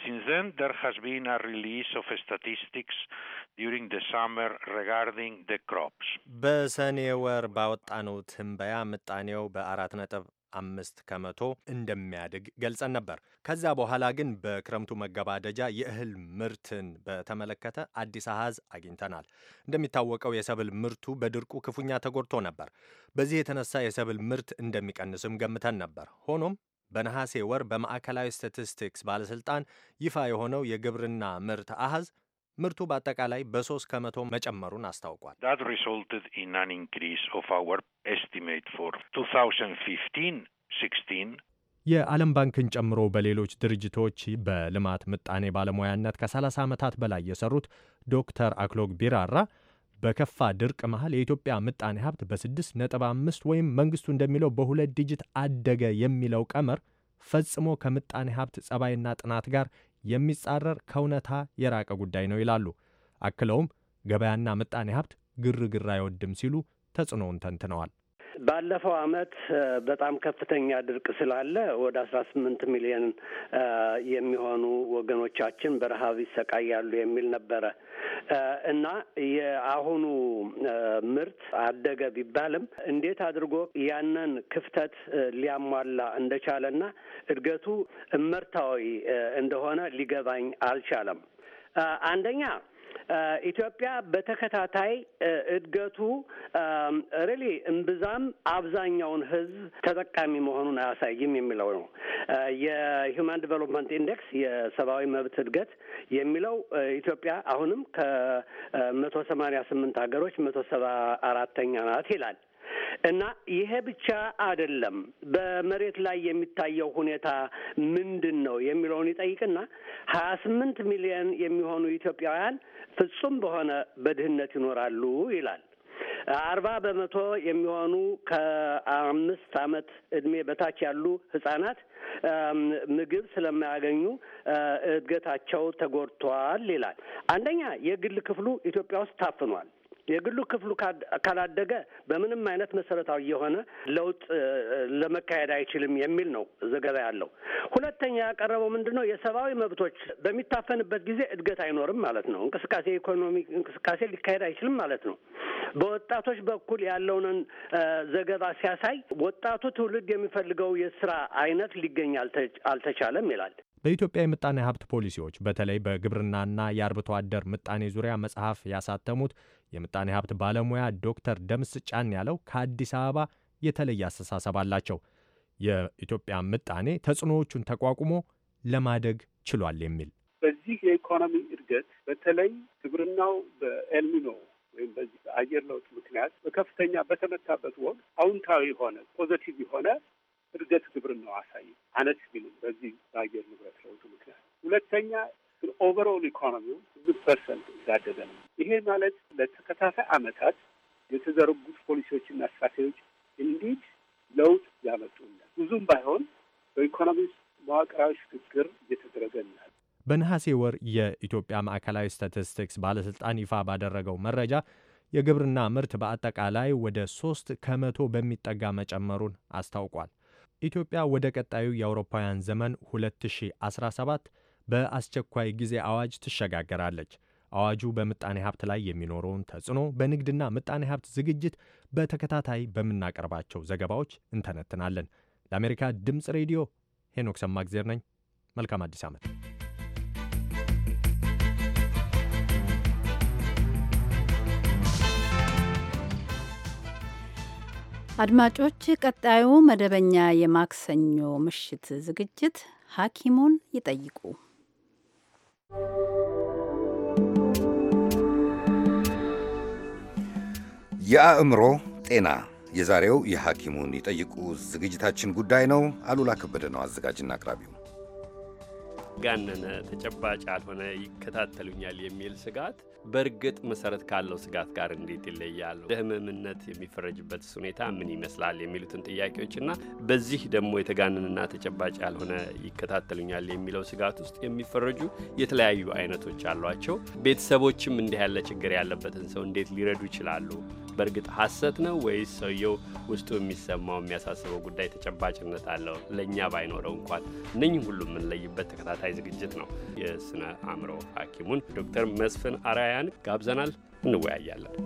Since then, there has been a release of statistics during the summer regarding the crops. በሰኔ ወር ባወጣነው ትንበያ ምጣኔው በአራት ነጥብ አምስት ከመቶ እንደሚያድግ ገልጸን ነበር። ከዛ በኋላ ግን በክረምቱ መገባደጃ የእህል ምርትን በተመለከተ አዲስ አሃዝ አግኝተናል። እንደሚታወቀው የሰብል ምርቱ በድርቁ ክፉኛ ተጎድቶ ነበር። በዚህ የተነሳ የሰብል ምርት እንደሚቀንስም ገምተን ነበር። ሆኖም በነሐሴ ወር በማዕከላዊ ስታቲስቲክስ ባለሥልጣን ይፋ የሆነው የግብርና ምርት አሐዝ ምርቱ በአጠቃላይ በሶስት ከመቶ መጨመሩን አስታውቋል። የዓለም ባንክን ጨምሮ በሌሎች ድርጅቶች በልማት ምጣኔ ባለሙያነት ከ30 ዓመታት በላይ የሰሩት ዶክተር አክሎግ ቢራራ በከፋ ድርቅ መሃል የኢትዮጵያ ምጣኔ ሀብት በ አምስት ወይም መንግስቱ እንደሚለው በሁለት ዲጂት አደገ የሚለው ቀመር ፈጽሞ ከምጣኔ ሀብት ጸባይና ጥናት ጋር የሚጻረር ከእውነታ የራቀ ጉዳይ ነው ይላሉ። አክለውም ገበያና ምጣኔ ሀብት ግርግር አይወድም ሲሉ ተጽዕኖውን ተንትነዋል። ባለፈው አመት በጣም ከፍተኛ ድርቅ ስላለ ወደ አስራ ስምንት ሚሊዮን የሚሆኑ ወገኖቻችን በረሀብ ይሰቃያሉ የሚል ነበረ እና የአሁኑ ምርት አደገ ቢባልም እንዴት አድርጎ ያንን ክፍተት ሊያሟላ እንደቻለና እድገቱ እመርታዊ እንደሆነ ሊገባኝ አልቻለም። አንደኛ Uh, ኢትዮጵያ በተከታታይ uh, እድገቱ ሪሊ um, እምብዛም አብዛኛውን ህዝብ ተጠቃሚ መሆኑን አያሳይም የሚለው ነው። uh, የሂውማን ዲቨሎፕመንት ኢንዴክስ የሰብአዊ መብት እድገት የሚለው ኢትዮጵያ አሁንም ከመቶ ሰማኒያ ስምንት ሀገሮች መቶ ሰባ አራተኛ ናት ይላል። እና ይሄ ብቻ አይደለም። በመሬት ላይ የሚታየው ሁኔታ ምንድን ነው የሚለውን ይጠይቅና ሀያ ስምንት ሚሊዮን የሚሆኑ ኢትዮጵያውያን ፍጹም በሆነ በድህነት ይኖራሉ ይላል። አርባ በመቶ የሚሆኑ ከአምስት ዓመት እድሜ በታች ያሉ ህጻናት ምግብ ስለማያገኙ እድገታቸው ተጎድቷል ይላል። አንደኛ የግል ክፍሉ ኢትዮጵያ ውስጥ ታፍኗል። የግሉ ክፍሉ ካላደገ በምንም አይነት መሰረታዊ የሆነ ለውጥ ለመካሄድ አይችልም የሚል ነው ዘገባ ያለው። ሁለተኛ ያቀረበው ምንድን ነው? የሰብአዊ መብቶች በሚታፈንበት ጊዜ እድገት አይኖርም ማለት ነው። እንቅስቃሴ ኢኮኖሚ እንቅስቃሴ ሊካሄድ አይችልም ማለት ነው። በወጣቶች በኩል ያለውን ዘገባ ሲያሳይ ወጣቱ ትውልድ የሚፈልገው የስራ አይነት ሊገኝ አልተቻለም ይላል። በኢትዮጵያ የምጣኔ ሀብት ፖሊሲዎች በተለይ በግብርናና የአርብቶ አደር ምጣኔ ዙሪያ መጽሐፍ ያሳተሙት የምጣኔ ሀብት ባለሙያ ዶክተር ደምስ ጫን ያለው ከአዲስ አበባ የተለየ አስተሳሰብ አላቸው። የኢትዮጵያ ምጣኔ ተጽዕኖዎቹን ተቋቁሞ ለማደግ ችሏል የሚል በዚህ የኢኮኖሚ እድገት በተለይ ግብርናው በኤልሚኖ ወይም በዚህ በአየር ለውጥ ምክንያት በከፍተኛ በተመታበት ወቅት አውንታዊ የሆነ ፖዘቲቭ የሆነ እድገት ግብርናው አሳየ አነስ ቢልም በዚህ በአየር ንብረት ለውጡ ምክንያት። ሁለተኛ ኦቨርኦል ኢኮኖሚው ስድስት ፐርሰንት እንዳደገ ነው። ይሄ ማለት ለተከታታይ አመታት የተዘረጉት ፖሊሲዎችና ስትራቴጂዎች እንዴት ለውጥ ያመጡና ብዙም ባይሆን በኢኮኖሚ መዋቅራዊ ሽግግር እየተደረገ ናል። በነሐሴ ወር የኢትዮጵያ ማዕከላዊ ስታቲስቲክስ ባለሥልጣን ይፋ ባደረገው መረጃ የግብርና ምርት በአጠቃላይ ወደ ሶስት ከመቶ በሚጠጋ መጨመሩን አስታውቋል። ኢትዮጵያ ወደ ቀጣዩ የአውሮፓውያን ዘመን 2017 በአስቸኳይ ጊዜ አዋጅ ትሸጋገራለች። አዋጁ በምጣኔ ሀብት ላይ የሚኖረውን ተጽዕኖ በንግድና ምጣኔ ሀብት ዝግጅት በተከታታይ በምናቀርባቸው ዘገባዎች እንተነትናለን። ለአሜሪካ ድምፅ ሬዲዮ ሄኖክ ሰማግዜር ነኝ። መልካም አዲስ ዓመት። አድማጮች፣ ቀጣዩ መደበኛ የማክሰኞ ምሽት ዝግጅት ሐኪሙን ይጠይቁ የአእምሮ ጤና የዛሬው የሐኪሙን ይጠይቁ ዝግጅታችን ጉዳይ ነው። አሉላ ከበደ ነው አዘጋጅና አቅራቢው። ጋነነ፣ ተጨባጭ ያልሆነ ይከታተሉኛል የሚል ስጋት በእርግጥ መሰረት ካለው ስጋት ጋር እንዴት ይለያል? ለህመምነት የሚፈረጅበት ሁኔታ ምን ይመስላል? የሚሉትን ጥያቄዎች እና በዚህ ደግሞ የተጋነንና ተጨባጭ ያልሆነ ይከታተሉኛል የሚለው ስጋት ውስጥ የሚፈረጁ የተለያዩ አይነቶች አሏቸው። ቤተሰቦችም እንዲህ ያለ ችግር ያለበትን ሰው እንዴት ሊረዱ ይችላሉ? በእርግጥ ሐሰት ነው ወይስ ሰውየው ውስጡ የሚሰማው የሚያሳስበው ጉዳይ ተጨባጭነት አለው? ለእኛ ባይኖረው እንኳን እነኝህ ሁሉ የምንለይበት ተከታታይ ዝግጅት ነው። የስነ አእምሮ ሐኪሙን ዶክተር መስፍን አራያን ጋብዘናል። እንወያያለን።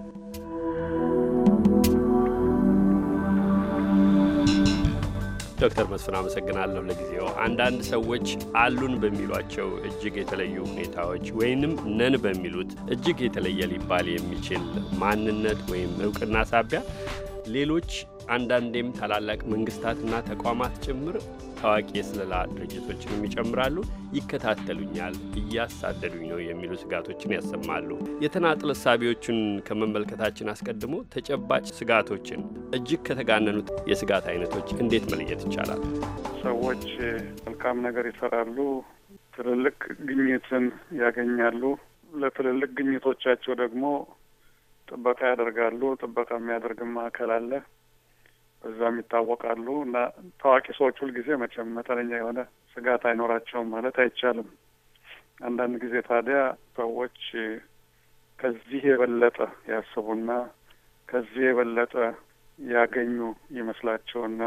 ዶክተር መስፍን አመሰግናለሁ። ለጊዜው አንዳንድ ሰዎች አሉን በሚሏቸው እጅግ የተለዩ ሁኔታዎች ወይንም ነን በሚሉት እጅግ የተለየ ሊባል የሚችል ማንነት ወይም እውቅና ሳቢያ ሌሎች አንዳንዴም ታላላቅ መንግስታትና ተቋማት ጭምር ታዋቂ የስለላ ድርጅቶችንም ይጨምራሉ። ይከታተሉኛል፣ እያሳደዱኝ ነው የሚሉ ስጋቶችን ያሰማሉ። የተናጥል እሳቢዎቹን ከመመልከታችን አስቀድሞ ተጨባጭ ስጋቶችን እጅግ ከተጋነኑት የስጋት አይነቶች እንዴት መለየት ይቻላል? ሰዎች መልካም ነገር ይሰራሉ፣ ትልልቅ ግኝትን ያገኛሉ። ለትልልቅ ግኝቶቻቸው ደግሞ ጥበቃ ያደርጋሉ። ጥበቃ የሚያደርግም አካል አለ። በዛም ይታወቃሉ እና ታዋቂ ሰዎች ሁልጊዜ መቼም መጠነኛ የሆነ ስጋት አይኖራቸውም ማለት አይቻልም። አንዳንድ ጊዜ ታዲያ ሰዎች ከዚህ የበለጠ ያስቡና ከዚህ የበለጠ ያገኙ ይመስላቸውና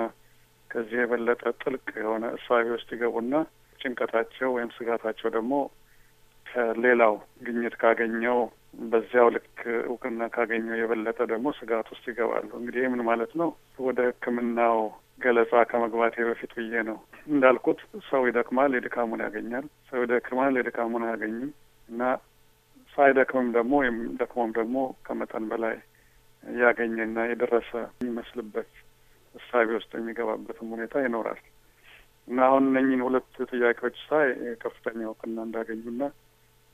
ከዚህ የበለጠ ጥልቅ የሆነ እሳቤ ውስጥ ይገቡና ጭንቀታቸው ወይም ስጋታቸው ደግሞ ከሌላው ግኝት ካገኘው በዚያው ልክ እውቅና ካገኘው የበለጠ ደግሞ ስጋት ውስጥ ይገባሉ። እንግዲህ ምን ማለት ነው? ወደ ሕክምናው ገለጻ ከመግባቴ በፊት ብዬ ነው እንዳልኩት ሰው ይደክማል፣ የድካሙን ያገኛል። ሰው ይደክማል፣ የድካሙን አያገኝም እና ሳይደክምም ደግሞ ደክሞም ደግሞ ከመጠን በላይ ያገኘና የደረሰ የሚመስልበት እሳቤ ውስጥ የሚገባበትም ሁኔታ ይኖራል እና አሁን እነኝን ሁለት ጥያቄዎች ሳይ ከፍተኛ እውቅና እንዳገኙና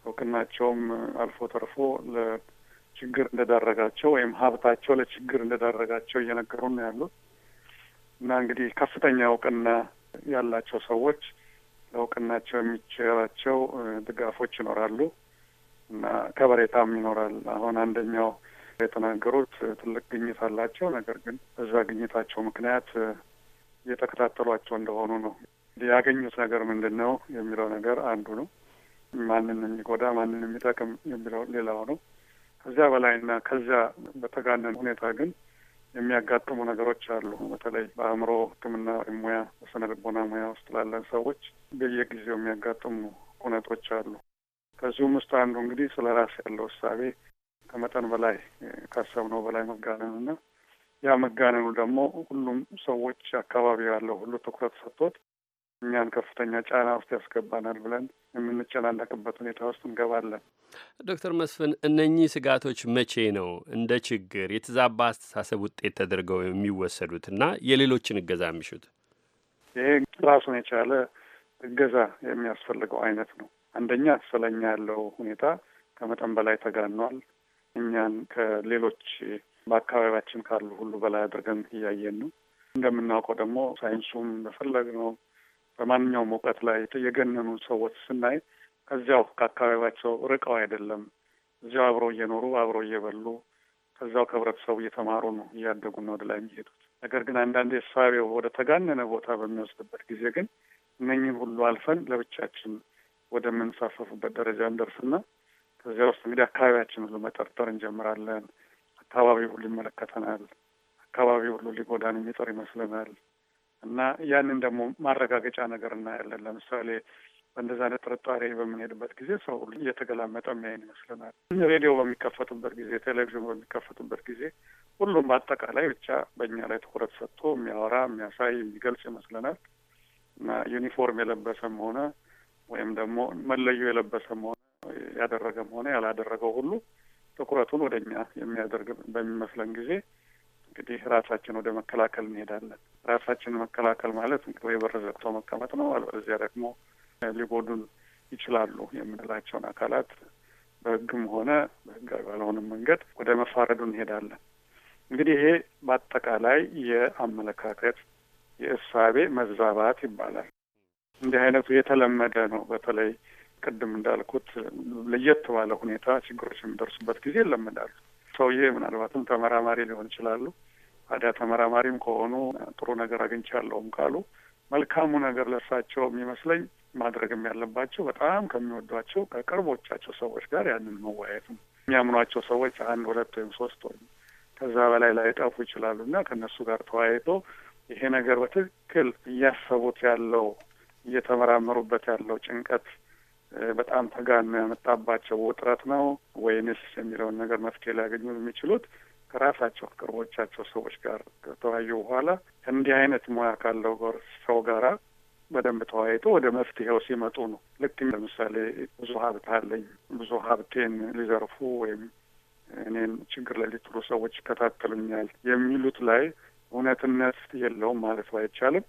እውቅናቸውም አልፎ ተርፎ ለችግር እንደዳረጋቸው ወይም ሀብታቸው ለችግር እንደዳረጋቸው እየነገሩ ነው ያሉት እና እንግዲህ ከፍተኛ እውቅና ያላቸው ሰዎች ለእውቅናቸው የሚቸራቸው ድጋፎች ይኖራሉ እና ከበሬታም ይኖራል። አሁን አንደኛው የተናገሩት ትልቅ ግኝት አላቸው። ነገር ግን በዛ ግኝታቸው ምክንያት እየተከታተሏቸው እንደሆኑ ነው። ያገኙት ነገር ምንድን ነው የሚለው ነገር አንዱ ነው። ማንን የሚጎዳ ማንን የሚጠቅም የሚለው ሌላው ነው። ከዚያ በላይና ከዚያ በተጋነን ሁኔታ ግን የሚያጋጥሙ ነገሮች አሉ። በተለይ በአእምሮ ሕክምና ወይም ሙያ በስነ ልቦና ሙያ ውስጥ ላለን ሰዎች በየጊዜው የሚያጋጥሙ እውነቶች አሉ። ከዚሁም ውስጥ አንዱ እንግዲህ ስለ ራስ ያለው እሳቤ ከመጠን በላይ ካሰብነው በላይ እና ያ መጋነኑ ደግሞ ሁሉም ሰዎች አካባቢ ያለው ሁሉ ትኩረት ሰጥቶት እኛን ከፍተኛ ጫና ውስጥ ያስገባናል ብለን የምንጨናነቅበት ሁኔታ ውስጥ እንገባለን። ዶክተር መስፍን እነኚህ ስጋቶች መቼ ነው እንደ ችግር የተዛባ አስተሳሰብ ውጤት ተደርገው የሚወሰዱት እና የሌሎችን እገዛ የሚሹት? ይሄ ራሱን የቻለ እገዛ የሚያስፈልገው አይነት ነው። አንደኛ ስለኛ ያለው ሁኔታ ከመጠን በላይ ተጋኗል። እኛን ከሌሎች በአካባቢያችን ካሉ ሁሉ በላይ አድርገን እያየን ነው። እንደምናውቀው ደግሞ ሳይንሱም በፈለግነው በማንኛውም እውቀት ላይ የገነኑ ሰዎች ስናይ ከዚያው ከአካባቢያቸው ርቀው አይደለም፣ እዚያው አብረው እየኖሩ አብረው እየበሉ ከዚያው ከህብረተሰቡ እየተማሩ ነው ነው ወደ ላይ የሚሄዱት። ነገር ግን አንዳንዴ እሳቤው ወደ ተጋነነ ቦታ በሚወስድበት ጊዜ ግን እነኝህን ሁሉ አልፈን ለብቻችን ወደምንሳፈፉበት ደረጃ እንደርስና ከዚያ ውስጥ እንግዲህ አካባቢያችን ሁሉ መጠርጠር እንጀምራለን። አካባቢ ሁሉ ይመለከተናል። አካባቢ ሁሉ ሊጎዳን የሚጥር ይመስለናል። እና ያንን ደግሞ ማረጋገጫ ነገር እናያለን። ለምሳሌ በእንደዛ አይነት ጥርጣሬ በምንሄድበት ጊዜ ሰው እየተገላመጠ የሚያይን ይመስለናል። ሬዲዮ በሚከፈቱበት ጊዜ፣ ቴሌቪዥን በሚከፈቱበት ጊዜ ሁሉም በአጠቃላይ ብቻ በእኛ ላይ ትኩረት ሰጥቶ የሚያወራ የሚያሳይ፣ የሚገልጽ ይመስለናል እና ዩኒፎርም የለበሰም ሆነ ወይም ደግሞ መለዩ የለበሰም ሆነ ያደረገም ሆነ ያላደረገው ሁሉ ትኩረቱን ወደ እኛ የሚያደርግ በሚመስለን ጊዜ እንግዲህ ራሳችን ወደ መከላከል እንሄዳለን። ራሳችን መከላከል ማለት እንግዲህ በር ዘግቶ መቀመጥ ነው። አለበለዚያ ደግሞ ሊጎዱን ይችላሉ የምንላቸውን አካላት በህግም ሆነ በሕጋዊ ባልሆነም መንገድ ወደ መፋረዱ እንሄዳለን። እንግዲህ ይሄ በአጠቃላይ የአመለካከት የእሳቤ መዛባት ይባላል። እንዲህ አይነቱ የተለመደ ነው። በተለይ ቅድም እንዳልኩት ለየት ባለ ሁኔታ ችግሮች የሚደርሱበት ጊዜ ይለመዳሉ። ሰውዬ ምናልባትም ተመራማሪ ሊሆን ይችላሉ ታዲያ ተመራማሪም ከሆኑ ጥሩ ነገር አግኝቻለሁም ካሉ መልካሙ ነገር ለሳቸው የሚመስለኝ ማድረግም ያለባቸው በጣም ከሚወዷቸው ከቅርቦቻቸው ሰዎች ጋር ያንን መወያየት ነው። የሚያምኗቸው ሰዎች አንድ ሁለት ወይም ሶስት ወይም ከዛ በላይ ላይጠፉ ይችላሉ እና ከእነሱ ጋር ተወያይቶ ይሄ ነገር በትክክል እያሰቡት ያለው እየተመራመሩበት ያለው ጭንቀት በጣም ተጋኖ ያመጣባቸው ውጥረት ነው ወይንስ የሚለውን ነገር መፍትሄ ሊያገኙ የሚችሉት ከራሳቸው ቅርቦቻቸው ሰዎች ጋር ከተወያዩ በኋላ እንዲህ አይነት ሙያ ካለው ሰው ጋራ በደንብ ተወያይቶ ወደ መፍትሄው ሲመጡ ነው። ልክ ለምሳሌ ብዙ ሀብት አለኝ ብዙ ሀብቴን ሊዘርፉ ወይም እኔን ችግር ላይ ሊጥሉ ሰዎች ይከታተሉኛል የሚሉት ላይ እውነትነት የለውም ማለት ባይቻልም፣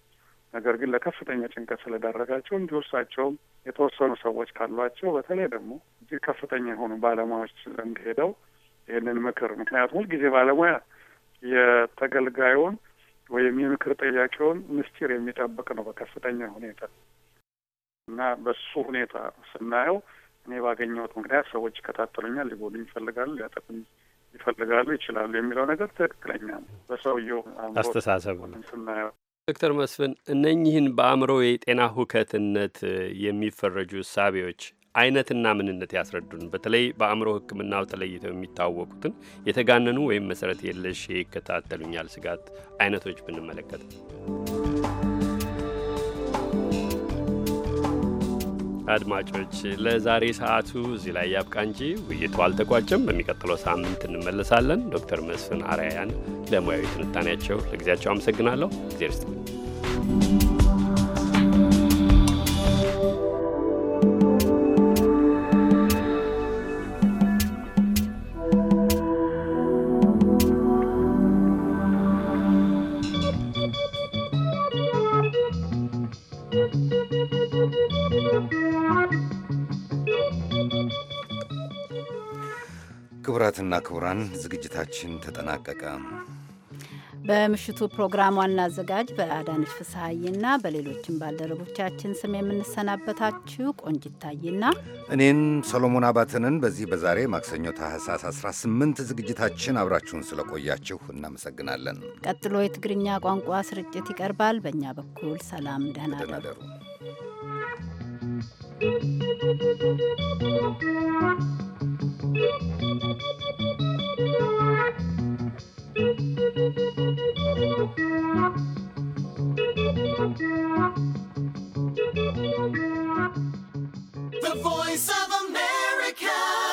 ነገር ግን ለከፍተኛ ጭንቀት ስለዳረጋቸው እንዲሁ እሳቸውም የተወሰኑ ሰዎች ካሏቸው በተለይ ደግሞ እጅግ ከፍተኛ የሆኑ ባለሙያዎች ዘንድ ሄደው ይህንን ምክር። ምክንያቱም ሁልጊዜ ባለሙያ የተገልጋዩን ወይም የምክር ጥያቄውን ምስጢር የሚጠብቅ ነው በከፍተኛ ሁኔታ እና በሱ ሁኔታ ስናየው እኔ ባገኘሁት ምክንያት ሰዎች ይከታተሉኛል፣ ሊጎዱኝ ይፈልጋሉ፣ ሊያጠቁኝ ይፈልጋሉ ይችላሉ የሚለው ነገር ትክክለኛ ነው። በሰውየው አስተሳሰቡ ስናየው ዶክተር መስፍን እነኚህን በአእምሮ የጤና ሁከትነት የሚፈረጁ እሳቤዎች አይነትና ምንነት ያስረዱን። በተለይ በአእምሮ ሕክምናው ተለይተው የሚታወቁትን የተጋነኑ ወይም መሰረት የለሽ ይከታተሉኛል ስጋት አይነቶች ብንመለከት አድማጮች ለዛሬ ሰዓቱ እዚህ ላይ ያብቃ እንጂ ውይይቱ አልተቋጨም። በሚቀጥለው ሳምንት እንመለሳለን። ዶክተር መስፍን አርያያን ለሙያዊ ትንታኔያቸው ለጊዜያቸው አመሰግናለሁ። እግዜር ይስጥልኝ። ክቡራትና ክቡራን ዝግጅታችን ተጠናቀቀ። በምሽቱ ፕሮግራም ዋና አዘጋጅ በአዳነች ፍስሐዬና በሌሎችም ባልደረቦቻችን ስም የምንሰናበታችሁ ቆንጂት ታዬና እኔም ሰሎሞን አባተንን በዚህ በዛሬ ማክሰኞ ታህሳስ 18 ዝግጅታችን አብራችሁን ስለቆያችሁ እናመሰግናለን። ቀጥሎ የትግርኛ ቋንቋ ስርጭት ይቀርባል። በእኛ በኩል ሰላም፣ ደህና ደሩ። Thank you. America.